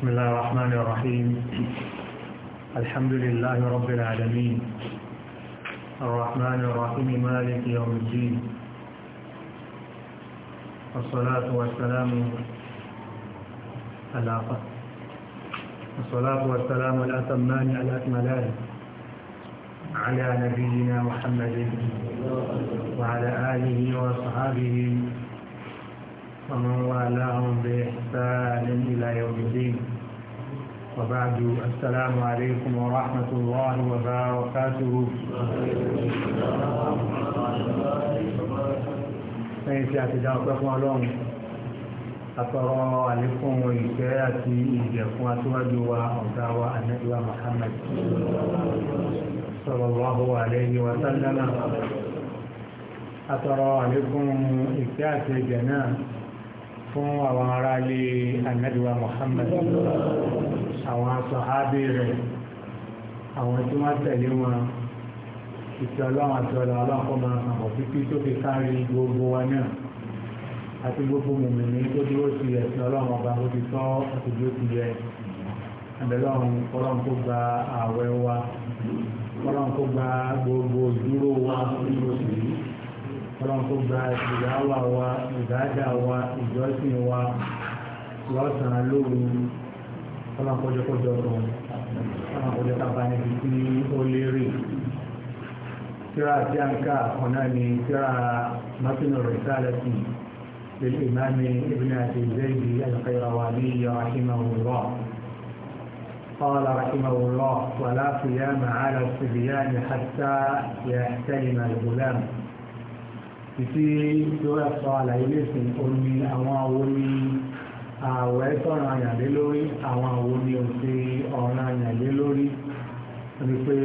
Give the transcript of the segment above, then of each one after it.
بسم الله الرحمن الرحيم الحمد لله رب العالمين الرحمن الرحيم مالك يوم الدين والصلاة والسلام الأقى والصلاة والسلام الأتمان الأكملان على نبينا محمد وعلى آله وصحابه ومن والاهم بإحسان إلى يوم الدين وبعد السلام عليكم ورحمة الله وبركاته lẹ́yìn tí a ti dá ọpẹ́ fún ọlọ́run àtọrọ àlékún ìfẹ́ àti ìjẹ̀ fún aṣíwájú wa ọ̀gá wa anẹ́gbà Muhammad sallallahu alayhi wa sallam àtọrọ àlékún ìfẹ́ àti ìjẹ̀ náà fún àwọn ará ilé anabiwa Muhammad àwọn sọ̀hábì rẹ̀ àwọn tí wọ́n tẹ̀lé wọn ìtì ọlọ́run àti ọ̀la ọlọ́run kọ́ máa hàn wọ́n títí tó fi kárí gbogbo wa náà àti gbogbo mùmìnì tó dúró sí ẹ̀sìn ọlọ́run ọba ó ti tọ́ àti bí ó ti yẹ ẹ̀bẹ̀lọ́run ọlọ́run kó gba ààwẹ̀ wa ọlọ́run kó gba gbogbo ìdúró wa nínú oṣù yìí. ọlọ́run tó gba ìyáwá wa ìdájà wa ìjọsìn wa lọ́sàn-án lóru ọlọ́run kọjọkọjọ kan ọlọ́run kọjọ kápá níbi tí ó lérè tíra tí a ń ká ọ̀nà ni tíra mọ́tínú rẹ̀ sáré sí للإمام ابن أبي زيد القيرواني رحمه الله قال رحمه الله ولا صيام على الصبيان حتى يحتلم الغلام títí lórí ẹ̀sọ àlàyé lẹ́sìn omi àwọn awo ni ààwẹ̀ sọ̀rọ̀ àyàlé lórí àwọn awo ni òfin ọ̀ràn àyàlé lórí ni pé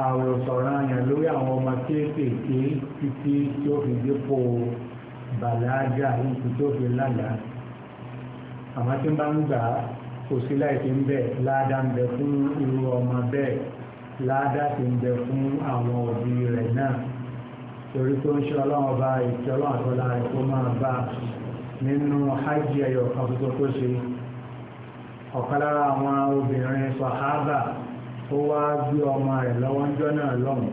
ààwẹ̀ sọ̀rọ̀ àyàn lórí àwọn ọmọ kéékèèké títí tí ó fi dépò bàlágà nítorí tí ó fi lálàá àmọ́ tí ń bá ń gbà á kò sí láìsí ń bẹ láàdá ń bẹ fún irú ọmọ bẹ́ẹ̀ láàdá sì ń bẹ fún àwọn òbí rẹ̀ náà torí tó ń ṣe ọlọ́run ọba ìṣe ọlọ́run àtọ́lá rẹ̀ kó máa bá nínú hajj ẹ̀yọ̀ kan tuntun tó ṣe ọ̀kan lára àwọn obìnrin sàhábà ó wá gbé ọmọ rẹ̀ lọ́wọ́ ńjọ́ náà lọ́hùn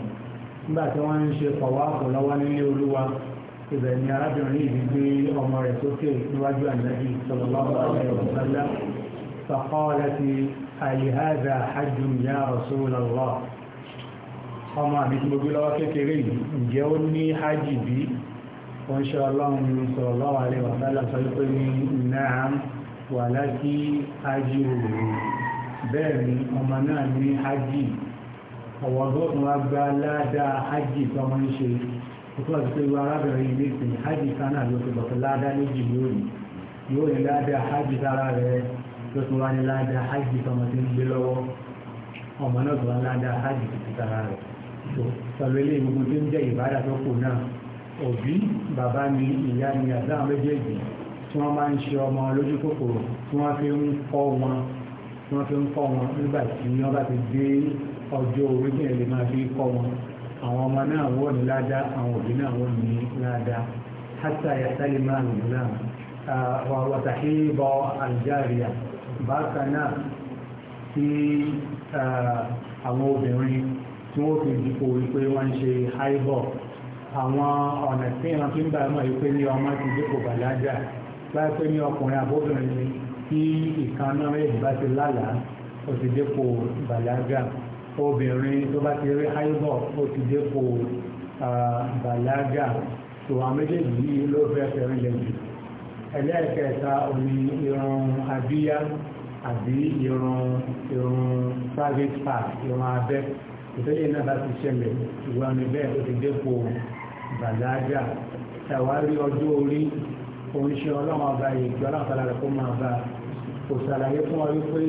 nígbà tí wọ́n ń ṣe pọ̀wáàpọ̀ lọ́wọ́ nílé olúwa ibẹ̀ ni arábìnrin yìí gbé ọmọ rẹ̀ sókè níwájú ànábì sallallahu alaihi wasallam faqalat ọmọ àbí tí mo gbé lọ́wọ́ kékeré yìí ǹjẹ́ ó ní hajj bí wọ́n ṣe ọlọ́run sallallahu alaihi wa sallam sọ pé ní na'am walaki hajj òru bẹ́ẹ̀ ni ọmọ náà ní hajj ọ̀wọ́ tó tún wá gba ládàá hajj tó wọ́n ń ṣe nípa ti pé arábìnrin ilé ìsìn hajj kánà ló ti bọ̀ ládàá méjì lónìí yóò ní ládàá hajj sára rẹ̀ ló tún wá ní ládàá hajj tó wọ́n ti ń gbé lọ́wọ́ ọmọ náà tó wá ládàá hajj tó ti sára rẹ̀ tó pẹ̀lú ilé gbogbo tó ń jẹ́ ìbára tó kù náà òbí bàbá mi ìyá mi àdáhùn méjèèjì tí wọ́n máa ń ṣe ọmọ lójú kòkòrò tí wọ́n fi ń kọ́ wọn tí wọ́n fi ń kọ́ wọn nígbà tí wọ́n bá ti dé ọjọ́ orí ní máa fi kọ́ wọn àwọn ọmọ náà wọ́n ní ládá àwọn òbí náà wọ́n ní ládá hátà yàtàlẹ́ máa ń lò náà wàtàkì bọ àlùjáàríà bákan náà tí àwọn obìnrin tí wọ́n fi dìpò wípé wọ́n ń ṣe haibọ̀ àwọn ọ̀nà tí ìran fi ń bá ọmọ yìí pé ní ọmọ ti dìpò bàlágà láì pé ní ọkùnrin àbóbìnrin ni tí ìkan náà méjì bá ti lálàá ó ti dìpò bàlágà obìnrin tó bá ti rí haibọ̀ ó ti dìpò bàlágà tó àwọn méjèèjì yìí ló fẹ́ fẹ́rin lẹ́yìn ẹlẹ́ẹ̀kẹta omi irun abíyá àbí irun irun private part irun abẹ́ ìtọ́jú náà bá ti ṣẹlẹ̀ ìwà mi bẹ́ẹ̀ ó ti dépò bàlágà ṣàwárí ọjọ́ orí oníṣẹ́ ọlọ́run ọba ìjọ aláǹfààní rẹ̀ kó máa bá kò ṣàlàyé fún ọ wípé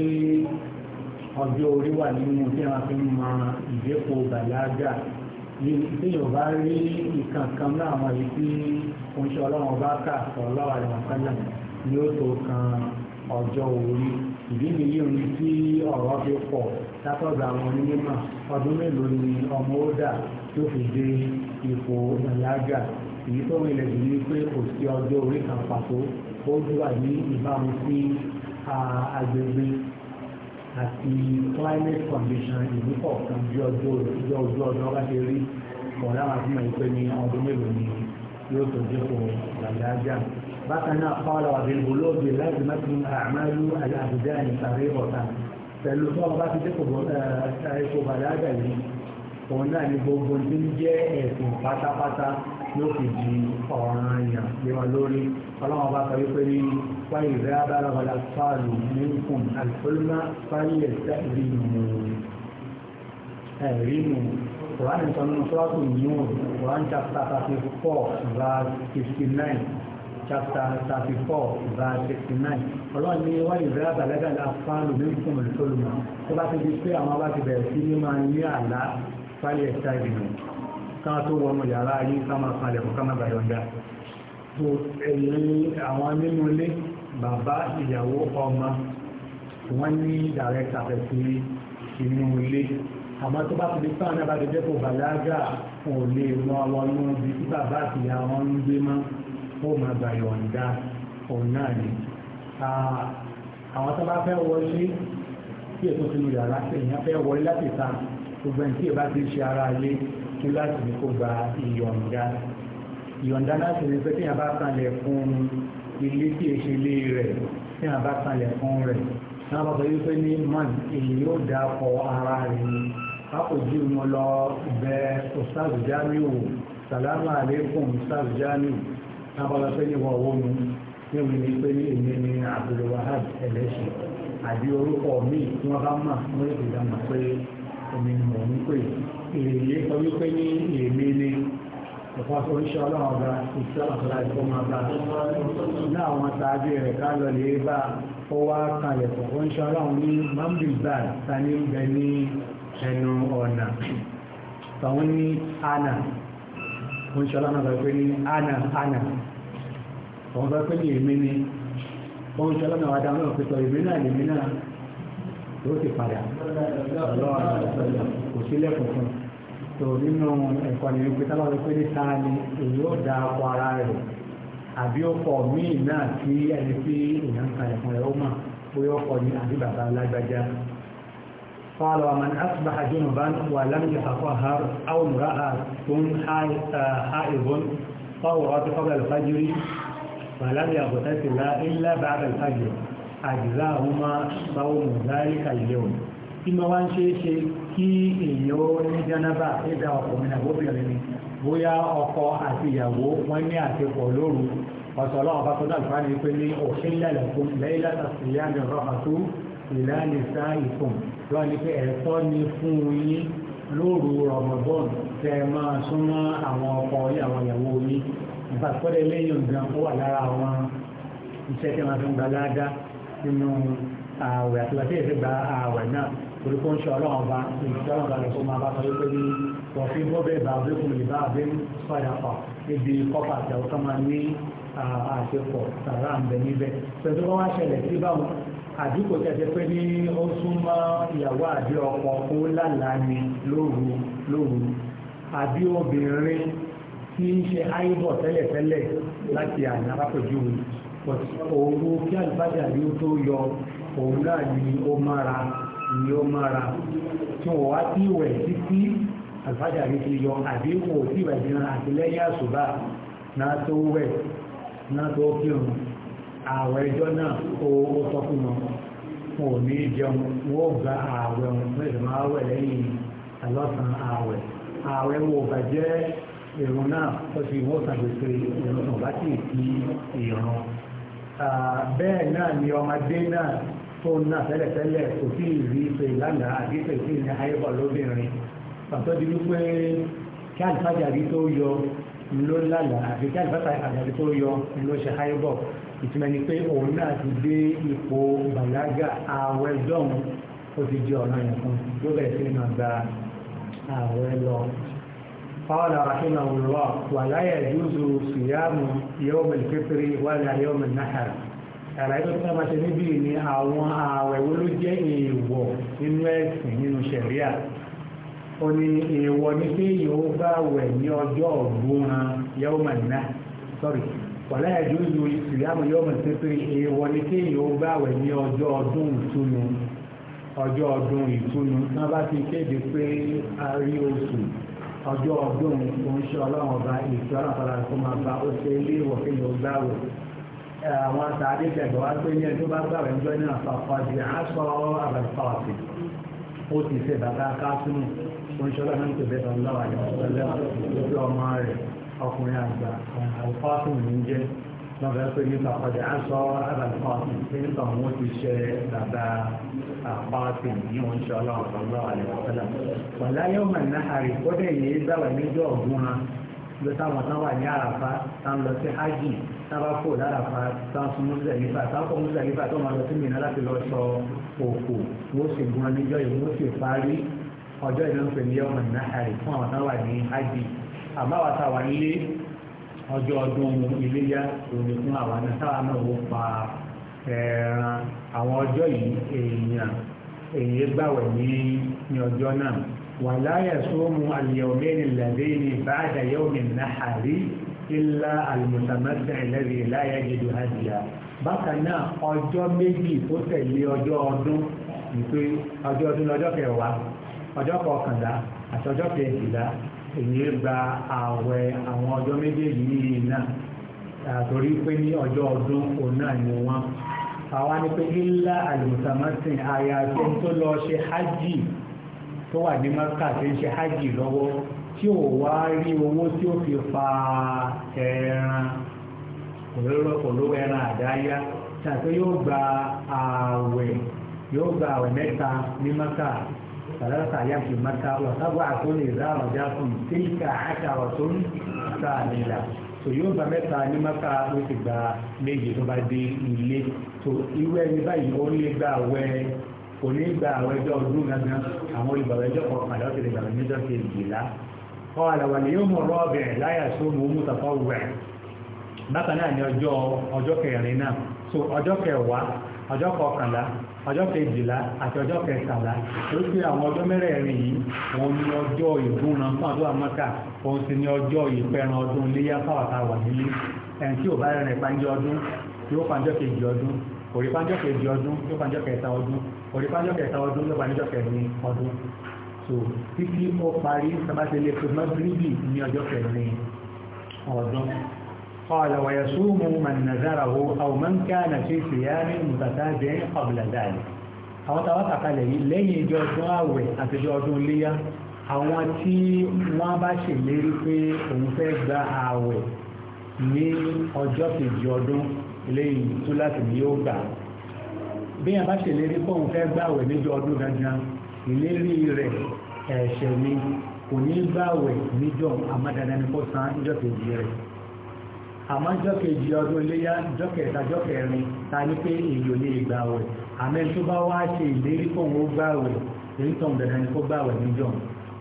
ọjọ́ orí wà nínú tí wọ́n fi ń mọ ìdépò bàlágà tí yóò bá rí nǹkan kan náà àwọn yìí tí oníṣẹ́ ọlọ́run ọba kà sọ̀rọ̀ lọ́wọ́ àdìmọ̀kánlẹ̀ ni ó tó kan ọjọ́ orí ìdí nìyí òun tí ọ̀rọ̀ fi pọ̀ látọ̀dọ̀ àwọn onímọ̀ ọdún mélòó ni ọmọ ó dà tó fi dé ipò ìyáàgà èyí tó ń ilẹ̀ yìí pé kò sí ọjọ́ orí kan pàtó ó wà ní ìbámu sí agbègbè àti climate condition ìlú kọ̀ọ̀kan bí ọjọ́ ìjọ ojú ọjọ́ bá ṣe rí ọ̀rẹ́ àwọn àti mọ̀ ìpè ní ọdún mélòó ni yóò tó dé kò ìyáàgà bákan náà kọ́lọ̀ àbílgolóògbé láti mẹ́tún àmàlú aláàbùdá ní sàrí ọ̀tá pẹ̀lú tó ọba ti dẹ́kọ̀ ẹ̀kọ́ bàdágà yìí òun náà ni gbogbo tí ń jẹ́ ẹ̀sùn pátápátá ló fi di ọ̀ràn èèyàn lé wọn lórí ọlọ́wọ́n bá sọ wípé ní wáyé ìrẹ́ abárabalà fáàlù nínú àlùfólúmá fáyẹ̀ sẹ́ẹ̀rìnù ẹ̀rìnù kòránì sọ nínú sọ́ọ̀tù yìí wọn kòránì chapter thirty four verse fifty nine chapter thirty four verse sixty nine ọlọ́run ní wọ́n lè bẹ̀rẹ̀ àbàlẹ́gà la fáàlù ní ìfún olùtọ́lùmọ́ tó bá ti di pé àwọn bá ti bẹ̀rẹ̀ sí ní máa ní àlá fálẹ̀ ẹ̀ta ìgbìmọ̀ káwọn tó wọnú yàrá yìí ká máa palẹ̀ kó ká máa bàyọ̀ dá tó ẹ̀yìn àwọn nínú ilé bàbá ìyàwó ọmọ wọ́n ní dàrẹ́kítà fẹ̀ sí inú ilé àmọ́ tó bá fi fáwọn náà bá ti dẹ́kun bàlágà kò lè mọ àwọn ọmọ ibi bàbá àti wọn ń gbé mọ́ ó máa gbà yọ̀ǹda òun náà ni àwọn tó bá fẹ́ wọlé tí èso sínú yàrá èèyàn fẹ́ wọlé láti ta gbogbo ẹni tí ìbá ti ṣe ara ilé kí láti ní kó gba ìyọ̀ǹda ìyọ̀ǹda láti ní pé tí yàrá bá kalẹ̀ fún ilé tí èso ilé rẹ̀ tí yàrá bá kalẹ̀ fún rẹ̀ náà bá sọ wípé ní man èyí yóò dá ọ ara rẹ̀ ni àpòjì mo lọ bẹ ọ̀sán àbújá mi wò sàlámù àlékún ọ̀sán àbújá mi wò tábàlá fẹ́ ní wọn wọ́n mi ní òun ní pé ní èmi ní Abdulwahab ẹlẹ́sìn àbí orúkọ mi tí wọ́n bá mà wọ́n lè dá mà pé èmi ni mò ń pè èyí sọ wípé ní èmi ni ọ̀pọ̀ sọ ń ṣe ọlọ́run ọba ìṣẹ́ ọ̀sọ̀lá ìfọ́ máa bá ní àwọn sáájú rẹ̀ ká lọ lè bá ó wá kalẹ̀ pọ̀ ó ọlọ́run ní mambilba ta ní bẹ ní ẹnu ọ̀nà tọ́hún ní ana wọ́n ṣe aláàmà pé ní ànà ànà wọ́n bá pé ní èmi ni wọ́n ṣe aláàmà wà dáhùn pé sọ èmi náà lèmi náà yóò ti padà lọ́wọ́ kò sí lẹ́kùn fún tó nínú ẹ̀kọ́ ni wípé tábà wípé ní ta ni èyí ó da akọ ara rẹ̀ àbí ọkọ̀ míì náà tí ẹni tí èèyàn ń kalẹ̀ fún ẹ̀ ó mà bóyá ọkọ̀ ni àbí bàbá alágbájá قال ومن أصبح جنبا ولم يتطهر أو امرأة حائض طورت قبل الفجر فلم يغتسل إلا بعد الفجر أجزاهما صوم ذلك اليوم ìmọ̀ wá ń ṣe é ṣe kí èèyàn ó ní jẹ́nàbà ẹ̀dá ọkùnrin àbóbìnrin ni bóyá ọkọ àti ìyàwó wọ́n ní àtẹ̀pọ̀ lóru ọ̀sọ̀ ọlọ́run bá tó náà fún wa ní pé ní òṣèlú ẹ̀lẹ́kùn lẹ́yìn látàkùn ìyá mi rọ̀ àtúntò ìlàlẹ̀ sáàyè fún tó wà ní pé ẹ̀kọ́ ni fún yín lóru rọmọbọ́n tẹ máa súnmọ́ àwọn ọkọ yín àwọn ìyàwó yín ìfàkọ́lẹ̀ lẹ́yìn gan ó wà lára àwọn iṣẹ́ tí wọ́n fi ń gba ládá nínú ààwẹ̀ àti wàtí èsì gba ààwẹ̀ náà torí kó ń ṣe ọlọ́run ọba ìjọba ọba rẹ̀ kó máa bá sọ wípé ní wọ́n fi bọ́ bẹ́ẹ̀ bá abẹ́kùn lè bá abẹ́kùn padà pọ̀ níbi kọ́pà àti àwọn tó máa ní àṣepọ̀ sàrà ń bẹ níbẹ̀ pẹ̀lú wọ́n wá ṣẹlẹ̀ sí báwọn àbí kò tẹ̀sẹ̀ pé ní ó súnmọ́ ìyàwó àbí ọkọ ó lálàá ni lóru lóru àbí obìnrin tí ń ṣe áìbọ̀ tẹ́lẹ̀tẹ́lẹ̀ láti àná arákòjúwe òru kí àlùfáàjà yóò tó yọ òun náà ni ó mára ni ó mára tí wọ́n wá sí ìwẹ̀ títí àlùfáàjà yóò ti yọ àbí wò sí ìwẹ̀ ìdíran àti lẹ́yìn àṣùbà náà tó wẹ̀ náà tó kírun ààwẹ̀ ẹjọ́ náà ó sọ fún wọn wọn ò ní jẹun wọn ò gba ààwẹ̀ wọn wọn èdè máa wẹ̀ lẹ́yìn àlọ́sàn ààwẹ̀ ààwẹ̀ wọn ò bàjẹ́ ìrun náà ó sì wọ́n ṣàgbèsè ìrun náà bá sì fi ìrun bẹ́ẹ̀ náà ni ọmọdé náà tó ń ná tẹ́lẹ̀tẹ́lẹ̀ kò sí ìrí ìpè lánàá àti ìpè sí ìrìn ayébọ̀ lóbìnrin pàtó di wípé kí àlùfáàjà rí tó yọ ló lálà àfi tí àlùfáà àdàlù tó yọ ló ṣe háìbọ̀ ìtumọ̀ ni pé òun náà ti dé ipò bàlágà ààwẹ̀ dọ́hùn ó ti di ọ̀nà yẹn fún yóò bẹ̀rẹ̀ sí máa gba ààwẹ̀ lọ. قال رحمه الله ولا يجوز صيام يوم الفطر ولا يوم النحر àlàyé tó máa ṣe níbí ni àwọn ààwẹ̀ wo ló jẹ́ èèwọ̀ nínú ẹ̀sìn nínú ṣẹ̀ríà ó ní èèwọ̀ ní pé yóò bá wẹ̀ ní ọjọ́ ọ̀gbọ́n yóò mọ̀ ní náà sọ́rí wàlá ẹ̀dùn ìlú ìsìlámù yóò mọ̀ sí pé èèwọ̀ ní pé yóò bá wẹ̀ ní ọjọ́ ọdún ìtúnu ọjọ́ ọdún ìtúnu náà bá ti kéde pé a rí oṣù ọjọ́ ọdún oúnṣẹ́ ọlọ́run ọba ètò ọlọ́pàá tó máa ba ó ṣe ilé ìwọ̀ kí yóò gbá wò àwọn àtàdé tẹ̀gbọ́ wá pé ní ẹjọ́ bá gbàwé ń jọ ní àpapọ̀ àti aṣọ àbàlùpàwọ̀sì ó ti ṣe bàbá káfíńù oníṣọ́lá náà ń tẹ̀lé ọ̀làwà ìwọ̀sọ̀lá lórí ọmọ rẹ̀ ọkùnrin àgbà àlùfáàfin ní jẹ́ lọ́bẹ̀ pé nípa padà á sọ àlùfáàfin pé nípa wọn ti ṣe bàbá àpáàfin ní oníṣọ́lá ọ̀làwà ìwọ̀sọ̀lá. wàlá yóò mọ̀ náà àrí kódé yìí gbàgbà níjọ́ ọ̀gbun ha ló táwọn tán wà ní àràfá tán lọ sí hajj tán bá kó láràfá tán sún mùsùlùmí tán kó mùsùlùmí tó máa lọ sí mìíràn láti lọ sọ òkú wọ́n sì gun ẹnìjọ́ yìí wọ́n sì parí ọjọ́ ìlú ń pè ní ọmọ ìnáhàrì fún àwọn táwà ní ájì àmọ́ àwọn táwà nílé ọjọ́ ọdún iléyá òní fún àwọn náà táwà náà wò pa ẹran àwọn ọjọ́ yìí èèyàn èyí gbàwẹ̀ ní ní ọjọ́ náà wàlá yasumu al-yawmaini alladhaini ba'da yawmi an-nahari illa al-mutamatta'u alladhi la yajidu hadiya bákan náà ọjọ́ méjì tó tẹ̀lé ọjọ́ ọdún ìpè ọjọ́ ọdún lọ́jọ́ kẹwàá ọjọ́ kọkànlá àti ọjọ́ kẹrìnlá èyí gba ààwẹ̀ àwọn ọjọ́ méjèèjì yìí náà torí pé ní ọjọ́ ọdún òun náà ni wọ́n àwa ni pé ilá àlùmùsàmásìn àyàfi tó lọ ṣe hajj tó wà ní maka tó ń ṣe hajj lọ́wọ́ tí ò wá rí owó tí ó fi pa ẹran òróró ẹran àdáyá tàbí yóò gba ààwẹ̀ yóò gba ààwẹ̀ mẹ́ta ní maka ثلاثة أيام في مكة وسبعة إذا رجعتم تلك عشرة كاملة tò yóò gba ní maka ó ti gba méje tó bá dé ilé tó irú ẹni báyìí ó lè gba àwẹ̀ kò ní gba àwẹ̀ ẹjọ́ ọdún gangan àwọn olùgbàwẹ̀ ẹjọ́ kọkànlá láti lè gbàgbé níjọ́ kejìlá kọ́ àlàwà ni yóò mọ̀ rọ́ọ̀bẹ̀ láyà tó mú mú tàfà wẹ̀ bákan náà ni ọjọ́ ọjọ́ kẹrin náà so ọjọ́ kẹwàá ọjọ́ kọkànlá ọjọ́ kejìlá àti ọjọ́ kẹtàlá torí pé àwọn ọjọ́ mẹ́rẹ̀ẹ̀rin yìí òun ni ọjọ́ ìdúnran fún àdúrà mọ́ta òun sì ni ọjọ́ ìpẹran ọdún iléyà fáwọ̀tà wà nílé ẹni tí ò bá rẹ̀rìn pàǹjẹ́ ọdún yóò pàǹjọ́ kejì ọdún òrí pàǹjọ́ kejì ọdún yóò pàǹjọ́ kẹta ọdún òrí pàǹjọ́ kẹta ọdún yóò pàǹjọ́ kẹrin ọdún so títí ó parí sábàtẹ́lẹ̀ pé mọ́gíríbì ní ọjọ́ kẹrin ọdún قال ويصوم من نذره أو من كان في صيام متتابع قبل ذلك àwọn tàwọn àkàlẹ̀ yìí lẹ́yìn ìjọ ọdún àwẹ̀ àti ìjọ ما باش àwọn tí wọ́n bá ṣèlérí pé òun fẹ́ gba àwẹ̀ ní ọjọ́ kejì ọdún lẹ́yìn tó láti ní yóò gbà bí wọ́n bá ṣèlérí pé òun fẹ́ gba níjọ ọdún gangan ìlérí rẹ̀ ẹ̀ṣẹ̀ ni kò ní gbà níjọ àmọ́ dandan níjọ kejì rẹ̀ àmọ́ jọ́kejì ọdún iléyá jọ́kẹta jọ́kẹrin ta ní pé èyí ò lè gbà wẹ̀ àmọ́ tó bá wá ṣe ìlérí kó wọn ó gbà wẹ̀ èyí tó ń bẹ̀rẹ̀ ni kó gbà wẹ̀ níjọ́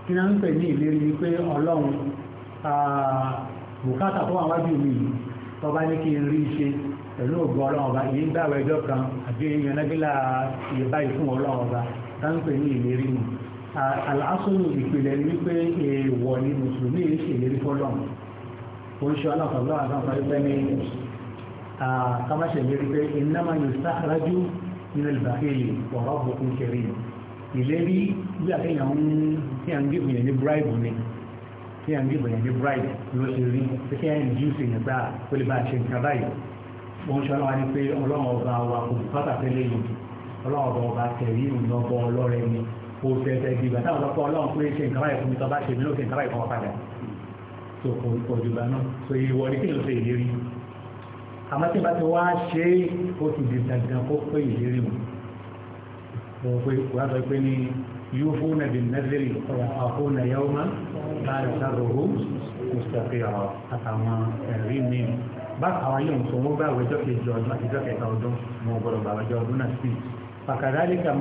kí náà ń pè ní ìlérí ni pé ọlọ́run bùkátà tó wà wájú mi tọ́ba ní kí n rí ṣe pẹ̀lú ògùn ọlọ́run ọba èyí gbà wẹ̀ ẹjọ́ kan àbí ìyànnágbélà ìyẹ̀bá ìfún ọlọ́run ọba oríṣi aláfàlọ́ àtàfàlọ́ ní kamáṣẹ́ lérí pé iná máa yóò sáàrájú nínú ìbáfẹ́lì ọ̀rọ̀ bùkún kẹrì ìlérí bí àtẹ́yàn tí a ń gbé ìyẹn ní bribe ni tí a ń gbé ìyẹn ní bribe ló ṣe rí pé kí a ń jú sí ìyẹn bá ó lè bá ṣe nǹkan báyìí wọ́n ṣe ọlọ́wà ní pé ọlọ́run ọba wa kò bùkátà fẹ́lẹ́ yìí ọlọ́run ọba ọba kẹrì ìrìnàbọ̀ ọlọ́rẹ̀ ni ó fẹ́ tó kò ìpọ̀jù gbà náà tó ìwọ ní kílò ṣe ìlérí àmọ́ tí bá ti wá ṣe é ó ti di dandan kó pé ìlérí o mo pe wàá sọ pé ní yóò fún nàbì nàzírì ọ̀rọ̀ àfún nàyà ọmọ bá rẹ̀ sáré owó kò sàfẹ́ ọ̀rọ̀ àtàwọn ẹ̀rí mi bá àwọn yóò sọ wọn bá àwẹjọ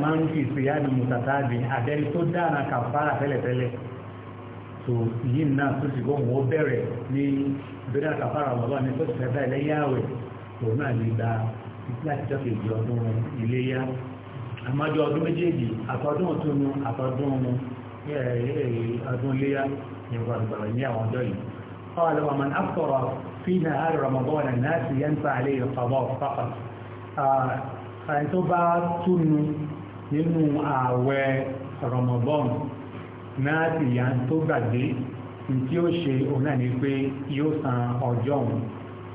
máa ń fi ìsìyá ni mùsàtà àdìyàn àdẹni tó dára kàfàrà fẹ́lẹ́fẹ́lẹ́ so yìí náà tó ti gbọ́ wọ́n bẹ̀rẹ̀ ní bẹ́rẹ̀ àkàfàrà bàbá mi tó ti fẹ́ báyìí lẹ́yìn àwẹ̀ tó náà lè gba láti jọ́ kejì ọdún iléyá àmọ́jọ ọdún méjèèjì àtọ́dún ọ̀túnú àtọ́dún ọdún iléyá ní ìgbàlùgbàlù ní àwọn ọjọ́ yìí قال ومن أفطر في نهار رمضان الناس ينفع عليه القضاء فقط ẹni tó bá túnú nínú ààwẹ̀ náà sì yá tó gbàgbé tí ó ṣe òun náà ni pé yóò san ọjọ́ òun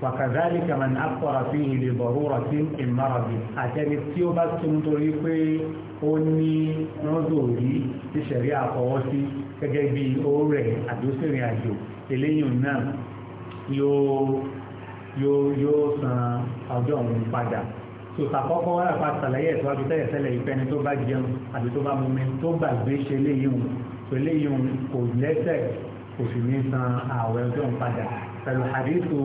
wàkàdáàlì kàmán akọ̀rọ̀ fi ìlè bọ̀rúrọ̀ sí ìmọ̀rọ̀bì àtẹni tí ó bá tún torí pé ó ní rọ́dòrí ti ṣẹ̀rí àfọwọ́ sí gẹ́gẹ́ bí oórẹ̀ àdósìnrìn àjò eléyìn náà yóò yóò yóò san ọjọ́ òun padà sòtàkọ́kọ́ wọ́n rà pa àtàlàyé ẹ̀tọ́ àbí tẹ́lẹ̀ tẹ́lẹ̀ ìfẹ́ni tó bá jẹun àbí tó bá mumi tó gbàgbé ṣe léyìn òun pẹ̀lú ìyọ̀n kò lẹ́sẹ̀ kò sì ní san ààwẹ̀ ọjọ́ ń padà pẹ̀lú àdínkù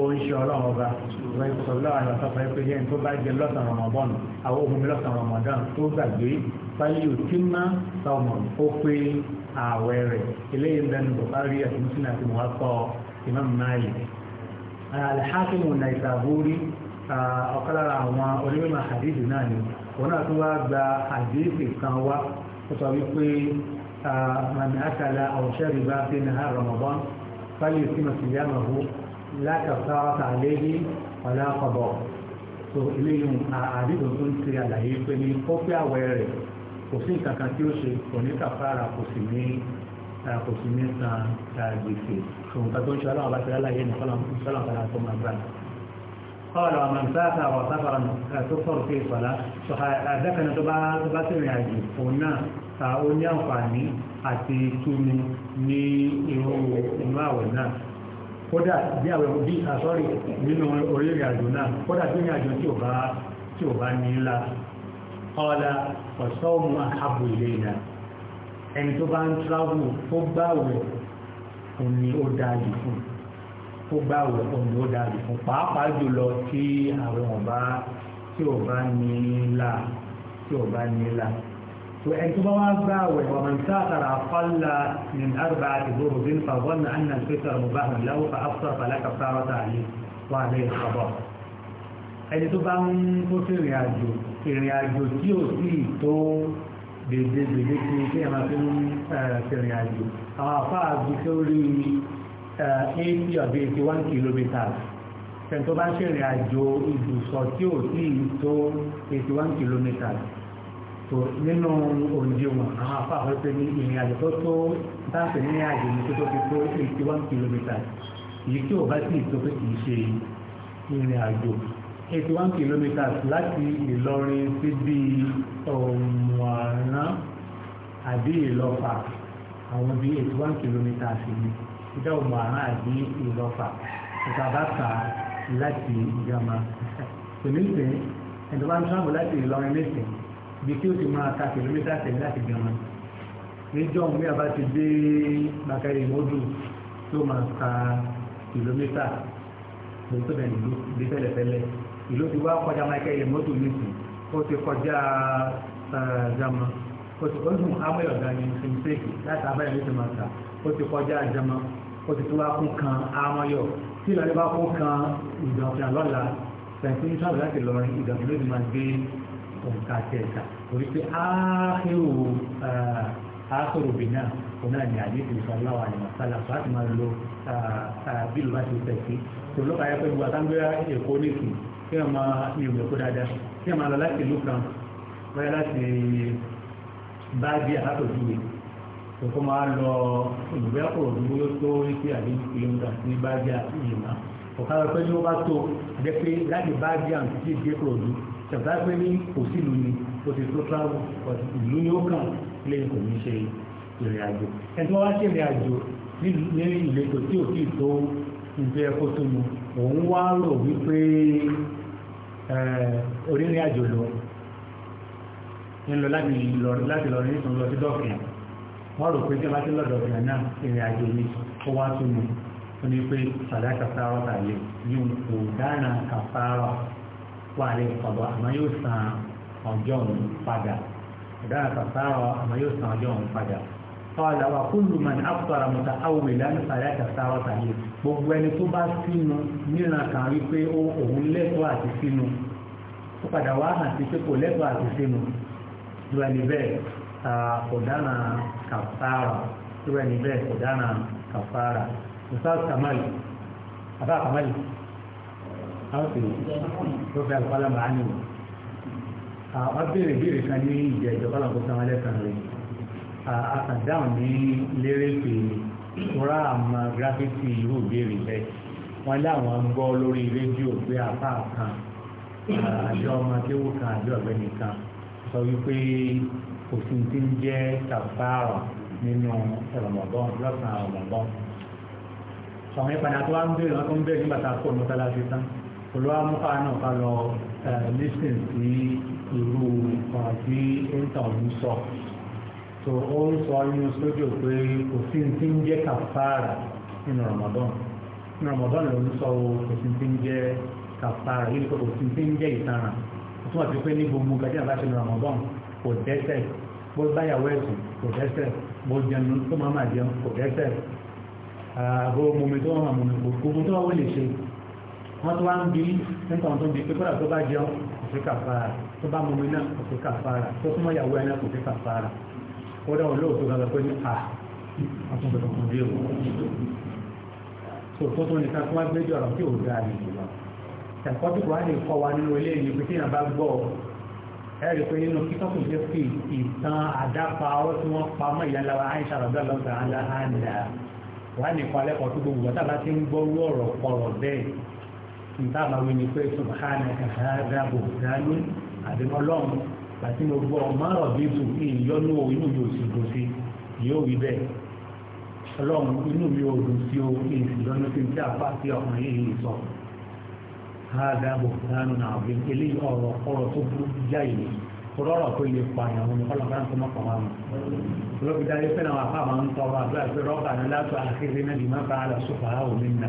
oríṣi ọlọ́run ọba ìwé ìsọ̀lọ́ àlọ́sọ̀fọ̀ ẹ pé yẹn tó bá jẹ lọ́sàn rọmọbọ́n àwọn ohun mi lọ́sàn rọmọdán tó gbàgbé báyìí ò tí má sọmọ ó pé ààwẹ̀ rẹ̀ eléyìí ń dẹnu bùkárí àti mùsùlùmí àti mùwákọ́ Imam Malik alhakimu naisaburi ọ̀kan lára àwọn onímọ̀ àdínkù náà ni òun náà tún wá gba àdínkù kan wá ó sọ wípé من أكل أو شرب في نهار رمضان فليتم صيامه لا كفارة عليه ولا قضاء so eléyìí àdìgbò tó ń ṣe àlàyé pé ní kọ́pẹ́ àwẹ̀ rẹ̀ kò sí nǹkan kan tí ó ṣe kò ní kàfàrà kò sì ní kò sì ní san gbèsè so nǹkan tó ń ṣe aláwọ̀ bá ṣe aláyé ní sọ́lá padà tó máa gbà. قال ومن فات وسفرا تكفر في صلاة فهذا كان تبع تبع سمع الجيل ó ní àǹfààní àti túnú ní irú inú àwẹ̀ náà kódà bí àwẹ̀ bí àsọ́rí ah, nínú orí ìrìn àjò náà kódà bí ìrìn àjò tí ò bá tí ò bá ní ńlá ọ̀la ọ̀sọ́ ọmọ àbò ilé ìlà ẹni tó bá ń tíráwù ó gbàwẹ̀ òní ó dáàbì fún ó gbàwẹ̀ òní ó dáàbì fún pàápàá jùlọ tí àwọn ọba tí ò bá ní ńlá tí ò bá ní ńlá. فأنتما أربع ومن سافر أقل من أربعة برد فظن أن الفطر مباح له فأفطر فلا كفارة عليه وعليه الخبر ẹni tó bá ń kó sí ìrìn àjò ìrìn àjò tí ò sí tó dèdè dèdè tí kí ẹ máa fi ń ìrìn àjò àwọn àfáà bí tó rí 80 àbí 81 kilometers ẹni tó bá ń ṣe ìrìn àjò ìbùsọ̀ tí ò sí tó 81 kilometers tó nínú òǹdí wọn àwọn afáfẹ́ pé ní ìrìn àjò tó tó táàpì ní àjò ní tó fi tó eighty one kilometres èyí tí ò bá sì tó pé kì í ṣe ìrìn àjò eighty one kilometres láti Ìlọrin sí bí ọ̀mùàná àbí Ìlọ́fà àwọn bí eighty one kilometres ni ìdá ọ̀mùàná àbí Ìlọ́fà ìtàbàtà láti ìjàmà tòmísìn ẹ̀dọ́ ń sábà láti Ìlọrin lẹ́sìn bí tí ó ti máa ta kìlómítà tẹ̀lé láti gbẹ̀mọ́ níjọ́ òun bí a bá ti dé bàkàrẹ̀ ìmọ́dù tó máa ta kìlómítà lórí tó bẹ̀rẹ̀ ìlú bí tẹ́lẹ̀tẹ́lẹ̀ ìlú ti wá kọjá mákẹ́ ìmọ́dù nìkú ó ti kọjá jama ó ti kọjú amóyọ̀dá ní sèmítẹ́kì láti abáyọ̀ ní ti máa ta ó ti kọjá jama ó ti tún wá kún kan amóyọ̀ tí ìlànà bá kún kan ìdàkùn àlọ́la tẹ̀síńtà láti lọrin ìdàkùn ló ti máa gbé òǹkà kẹta torí pé áhìrò áhìrò bìnà òun náà ní àdéhùn ìsọláwà àlùmọ̀sálà tó láti máa lo bílù bá ti tẹ̀sí tó lọ́pàá yẹ pé gbogbo àtàgbéra èkó nìkì kí wọ́n máa yòwò èkó dáadáa kí wọ́n máa lọ láti ìlú kan bóyá láti bá bí àtàkùnjúwe kókó máa lọ olùgbé àkọ́rọ̀dúró yóò tó rí sí ṣẹ̀dá pé ní kò sí ìlú ni ó ti tó travel ìlú ni ó kàn lẹ́yìn kò ní ṣe ìrìn àjò ẹni tí wọ́n wá ṣe ìrìn àjò ní ìletò tí ò tí ì tó ìgbé ẹ̀kọ́ tó mu òun wá rò wípé orírìn àjò lọ ńlọ láti lọ nítorí lọ sí dọ́kìn wọ́n rò pé tí wọ́n ti lọ́dọ̀ ọ̀gá náà ìrìn àjò ni ó wá tó mu ó ní pé sàdá kàfàrà tàlẹ́ yóò kò dáná kàfàrà wà lè kọ̀dọ̀ àmọ́ yóò san ọjọ́ òun padà ọ̀daràn kàfàrà àmọ́ yóò san ọjọ́ òun padà kọ́ọ̀lá wa kúlù mọ̀ ní àpùtàrà mọ̀tà àwòrán ìlànà sàrẹ́ àtàkàrà tàbí gbogbo ẹni tó bá sínú níran kan wípé òun lẹ́tọ̀ọ́ àti sínú ó padà wá hàn sí pé kò lẹ́tọ̀ọ́ àti sínú ju ẹni bẹ́ẹ̀ ọ̀daràn kàfàrà ju ẹni bẹ́ẹ̀ ọ̀daràn kàfàrà. Musa Kamal, Abba Kamal, káwọ́pẹ̀ tó fi àgbàlá màá nìyí àwọn béèrè béèrè kan ní ìjẹ ìjọba làwọn kọsán ẹlẹ́kan rẹ̀ àkàndáhùn ní lérè pé rà àmà gíráfíìtì irú béèrè bẹ́ẹ̀ wọ́n láwọn ń gbọ́ lórí rédíò pé apá kan àjọ ọmọ akéwò kan àjọ ọ̀gbẹ́ni kan sọ wípé òfin ti ń jẹ́ kàfàrà nínú Ramadan lọ́sàn-án Ramadan. àwọn ìpàdé àti wá ń béèrè wọn tó ń béèrè nígbà tá a kó ọmọ tálá fi tán pẹ̀lú amúfà náà ká lọ lísìn sí irú ọ̀rọ̀ tí ẹ̀ńtà òun sọ tó ó ń sọ nínú sójú pé kò sí ní ti ń jẹ́ kàfàrà nínú Ramadan nínú Ramadan ló ń sọ kò sí ní ti ń jẹ́ kàfàrà yìí kò sí ní ti ń jẹ́ ìtanràn ó túmọ̀ sí pé ní gbogbo gàdí àbáṣe nínú Ramadan kò dẹ́ṣẹ̀ bó báyàwó ẹ̀sùn kò dẹ́ṣẹ̀ bó jẹun tó máa máa jẹun kò dẹ́ṣẹ̀ àgbo mọ̀mí tó máa mọ̀mí gbogbo tó wà wọ́n ṣe wọ́n tó wá ń bí nípa ọ̀tún bí pípọ́lá tó bá jẹun kò sí kàfàrà tó bá mọ̀mí náà kò sí kàfàrà tó súnmọ́ ìyàwó ẹ̀ náà kò sí kàfàrà ó dá wọn lóòótọ́ gbàgbọ́ pé ní à ọ̀tún bẹ̀rẹ̀ kò rí o tó tó tó nìkan tó wá gbé jọ ọ̀rọ̀ tí ò dáa ní ìlú ẹ̀kọ́ tó wá lè kọ́ wa nínú ilé ìlú pé téèyàn bá gbọ́ ẹ rí pé nínú kíkọ́ jẹ́ pé ìtàn àdápa ọ tí wọ́n pa mọ́ ìyá lawa àìsàn àbẹ́ ọlọ́gbà ńlá àná wà nìkan alẹ́kọ̀ọ́ tó gbogbo ọ̀tá bá ti ń gbọ́ ọ̀rọ̀ kọ̀rọ̀ bẹ́ẹ̀ nta àmàwé ni pé subhana kahada bòtánu àdìmọ́ lọ́hùn àti mo gbọ́ márùn bíbù kí ìyọnu inú yóò sì dùn sí yóò wí bẹ́ẹ̀ ọlọ́run inú mi ò dùn sí o kí n sì yọnu sí ti àpá sí ọkùnrin yìí sọ kahada bòtánu náà wí eléyìí ọ̀rọ̀ ọ̀rọ̀ tó burú jáì ni rọrọ tó lè pa àwọn ọlọ́pàá tó mọ kọmọ àwọn olókìtà yìí fẹ́ràn àwọn ń tọrọ àdúrà pé rọba ní látọ àkéré náà lè má bá lọ sọfà àwọn mi nà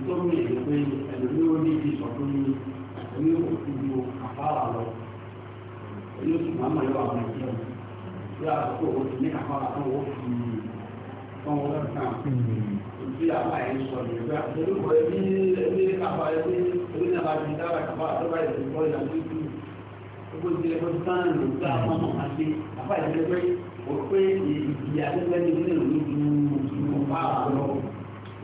ìtọ́jú èyí pé ẹlòmí ó ní ibi ìsọ̀tún ní ẹ̀mí òkú ju lọ èyí ó sì máa ń lọ àwọn tí a kó o ti ní àfárá tó wọ́n fi tán wọ́n kàn tí àbá yẹn sọ ní ìgbà lórúkọ ẹbí ẹbí àbá ẹbí ẹbí náà bá ti dára àbá àtọ́bá ìdìbò bọ́ ìyá tó kú gbogbo ti ẹgbẹ́ sáà ló dá mọ́mọ́ àti àbá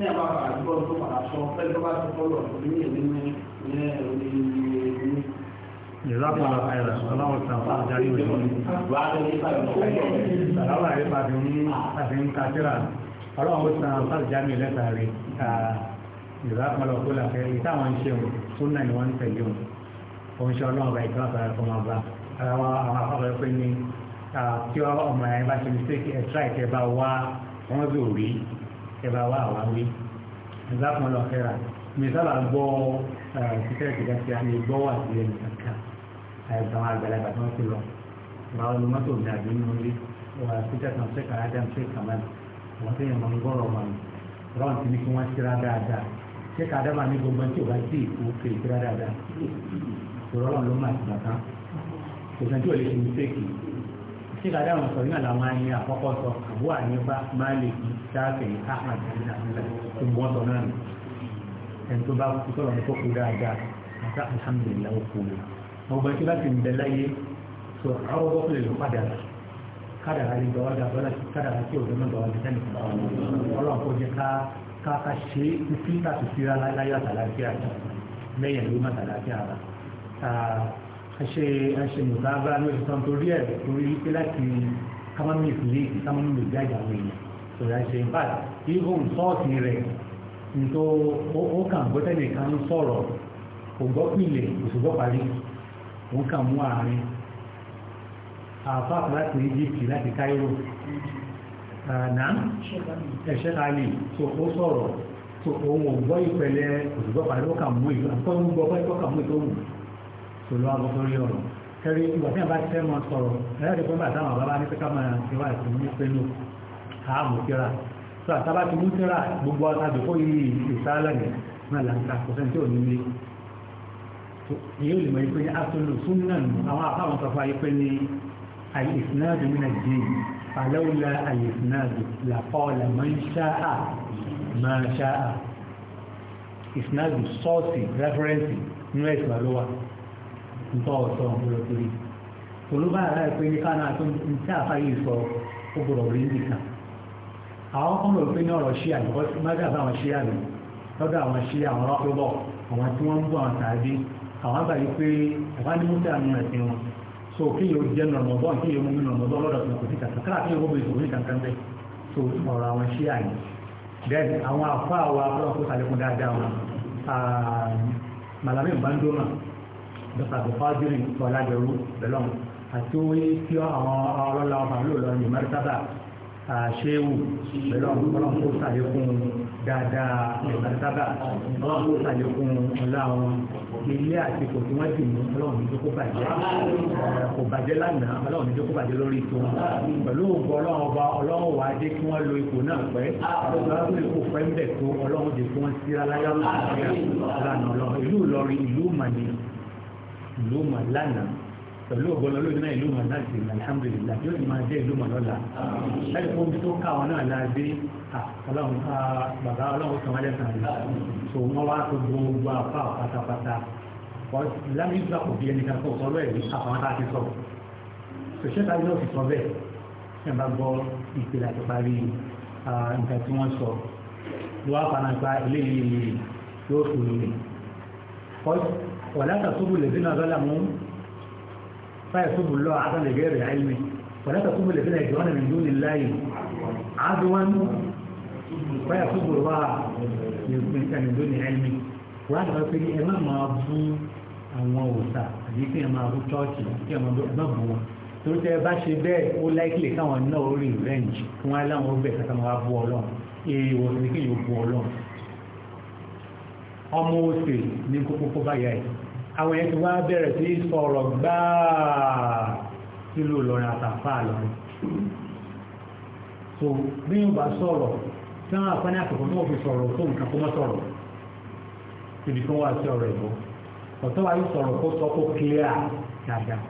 ní àbá àdúgbò tó padà sọ pẹ́lú bá ti fọ́lọ̀ ní ìlú ní ilé ẹ̀rọ ní ìlú ní. ìrápọ̀lọ̀ àìrà ọlọ́wọ́ sàfà àjárí òjò ní. ọlọ́wọ́ àìrà ti ń àti ń ka síra ọlọ́wọ́ sàfà àjárí lẹ́sàárì ka ìrápọ̀lọ̀ kó làfẹ́ ìtàwọn ń ṣe òun ni wọ́n ń tẹ̀lé òun òun ṣe ọlọ́wọ́ bá ìtura sàrà fún ọba ara wa àwọn afọ́fẹ́ pé ní tí ọmọ ẹ̀ bá ṣe mistake ẹ̀ tíráì tẹ́ bá wá wọ́n zò rí ẹ̀bà wa àwa wí ẹ̀dá kan lọ fẹ́ra mi sábà gbọ́ tíkẹ́ẹ̀tì kẹsì àmì gbọ́ wà sí ẹnì kankan àìsàn àgbàlagbà tó ń ti lọ báwo ni mọ́tò mi àbí inú ilé wà peter kan ṣe kàrá dá ṣe kàmáà àwọn tó yẹ mọ̀ ń gbọ́rọ̀ wọn rọ́ọ̀n ti ní kí wọ́n ṣíra dáadáa ṣé ká dábàá ní gbogbo tí o bá tí ìkú kiri ṣíra dáadáa rọ́ọ̀n ló máa ti bàtà kò sẹ́ni tí lè ṣe mistake ṣé ká dáhùn sọ nígbà làwọn ayé àkọ́kọ́ sọ àbúrò Shafi'i Ahmad ìgbọ́sọ̀ náà ẹni tó bá kú sọ̀rọ̀ ní kókó dáadáa àti alhamdulillah ó kú ọgbọ́n tí bá ti ń bẹ láyé sọ àwọn ọgbọ́n fúnlẹ̀ ló padà kádàrá lè gbọ́ wájà bọ́lá kádàrá tí òun náà gbọ́ wájà sẹ́ni kọ́ ọlọ́run kò jẹ́ ká ká ká ṣe é títí láti fi ra láyé àtàlàfíà lẹ́yìn ló má tàlàfíà rà ẹṣẹ ẹṣẹ nìkan bá lóṣù tán torí ẹ̀ torí pé láti kámánú ìfìlẹ́ ìkámánú ìgbé àjà sọ̀rọ̀ àìṣe ìbá ihun sọ́ọ̀tì rẹ̀ nítò ó kàn gbọ́tẹ́ nìkan ń sọ̀rọ̀ kò gbọ́ pìlẹ̀ òṣùgbọ́ parí òun kàn mú àárín àfáà láti Egypt láti Cairo àná ẹ̀ṣẹ́ kálí tó ó sọ̀rọ̀ tó òun ò gbọ́ ìpẹ̀lẹ̀ òṣùgbọ́ parí ó kàn mú ìlú àkọ́ ń gbọ́ pẹ́ tó kàn mú ìtòhùn tó lọ́ àbọ̀ sórí ọ̀rọ̀ kẹrin ìgbà tí a bá tẹ́ mọ sọ̀rọ̀ ẹ̀rọ ìpínlẹ̀ àtàwọn àbábá ní pẹ́ká àmú kíra tó àtàbá ti mú kíra gbogbo àtàbíkó yìí ìsáálà ní náà làǹkà kò sẹ́ni tí ò ní ní èyí ò lè mọ̀ yìí pé absolu sunna àwọn àfáwọn sọ fún ayé ní al-isnadu min ad-din falawla al-isnadu la qala man sha'a ma sha'a isnadu sọ́ọ̀sì rẹ́fẹ́rẹ́nsì nínú ẹ̀sìn àlọ́wà ntọ́ ọ̀sọ́ ọ̀gbọ̀rọ̀ torí olùbára rẹ̀ pé ní ká náà àwọn kan lò pé ní ọ̀rọ̀ ṣíà nìkan tí má dàbí àwọn ṣíà lò lọ́dọ̀ àwọn ṣíà àwọn rọ́pẹ́bọ̀ àwọn tí wọ́n ń bọ̀ àwọn tàbí àwọn àgbàyí pé ẹ̀fá ní mọ́tà nù ẹ̀sìn wọn so kí yóò jẹ́ nọ̀nọ̀bọ̀ kí yóò mú mi nọ̀nọ̀bọ̀ lọ́dọ̀ tó kò sí kàkà káà kí yóò bọ̀ ìṣòro ní kankan bẹ́ẹ̀ so ọ̀rọ̀ àwọn ṣíà yìí bẹ́ẹ̀ àwọn afọ àwọn afọlọ́kọ̀ sàlékún dáadáa wọn malami bandoma dọ́kítà bọ́fájúrì tọ́lá dẹ̀rú bẹ́lọ́n àti ó yí kí àwọn ọlọ́lá ọmọ àlọ́ lọ́ọ́ ní mẹ́rẹ́tàbà àṣewù pẹ̀lú àwọn ọlọ́run kó sàlékún dáadáa ẹ̀ka sábà ọlọ́run kó sàlékún ọlá wọn ilé àti kò tí wọ́n dì mú ọlọ́run ní jókòó bàjẹ́ kò bàjẹ́ lánàá ọlọ́run ní jókòó bàjẹ́ lórí ètò pẹ̀lú ògbọ́ ọlọ́run ọba ọlọ́run wà á dé kí wọ́n lo ipò náà pẹ́ ọlọ́run wà á lè kó pẹ́ ń bẹ̀ tó ọlọ́run dè kí wọ́n sí aláyá lánàá ìlú Ìlọrin ìlú màní pẹ̀lú ògbọ́n olóògbé náà ìlú mọ̀ náà ti rìn alhamdulillah yóò ti máa jẹ́ ìlú mọ̀ lọ́la láti fún omi tó káwọn náà láàbí ọlọ́run bàbá ọlọ́run kan wálé kan rí so wọ́n wá tó gbogbo apá pátápátá lámì ìgbà kò bí ẹnì kan kó sọ lọ́ọ̀ ẹ̀rí àwọn tá a ti sọ ṣòṣẹ́ tàbí náà ti sọ bẹ́ẹ̀ ṣe bá gbọ́ ìpìlẹ̀ àti parí nǹkan tí wọ́n sọ ló wá fana gba eléyìí yóò fi wọlé wọ́n látà tó bù lè فيسب الله عدم غير علمه ولا تقوم الذين يدعون من دون الله عدوا فيسب الله من دون علمه وهذا ما يقول إمام أبو àwọn òòsà àbí kí ẹ máa bú chọ́ọ̀chì kí ẹ máa bú ẹgbẹ́ bù wọn torí tẹ bá ṣe bẹ́ẹ̀ ó láìkìlì káwọn náà ó rí rẹ́ǹjì kí wọ́n á láwọn bẹ̀ kàtà máa bú ọlọ́run èyí wọ́n ti ní kí yóò bú ọlọ́run ọmọ òsè ní kókó kó báyà ẹ̀ àwọn yẹn ti wá bẹ̀rẹ̀ sí sọ̀rọ̀ gbáà nílò lọ́rin àtàfà lọ́rin so bí yóò bá sọ̀rọ̀ tí wọ́n àpá ní àkọ́kọ́ náà fi sọ̀rọ̀ tó nǹkan kó mọ́ sọ̀rọ̀ ibi tó wà sí ọ̀rọ̀ ẹ̀bọ́ ọ̀tọ́ wa yóò sọ̀rọ̀ kó sọ kó clear dáadáa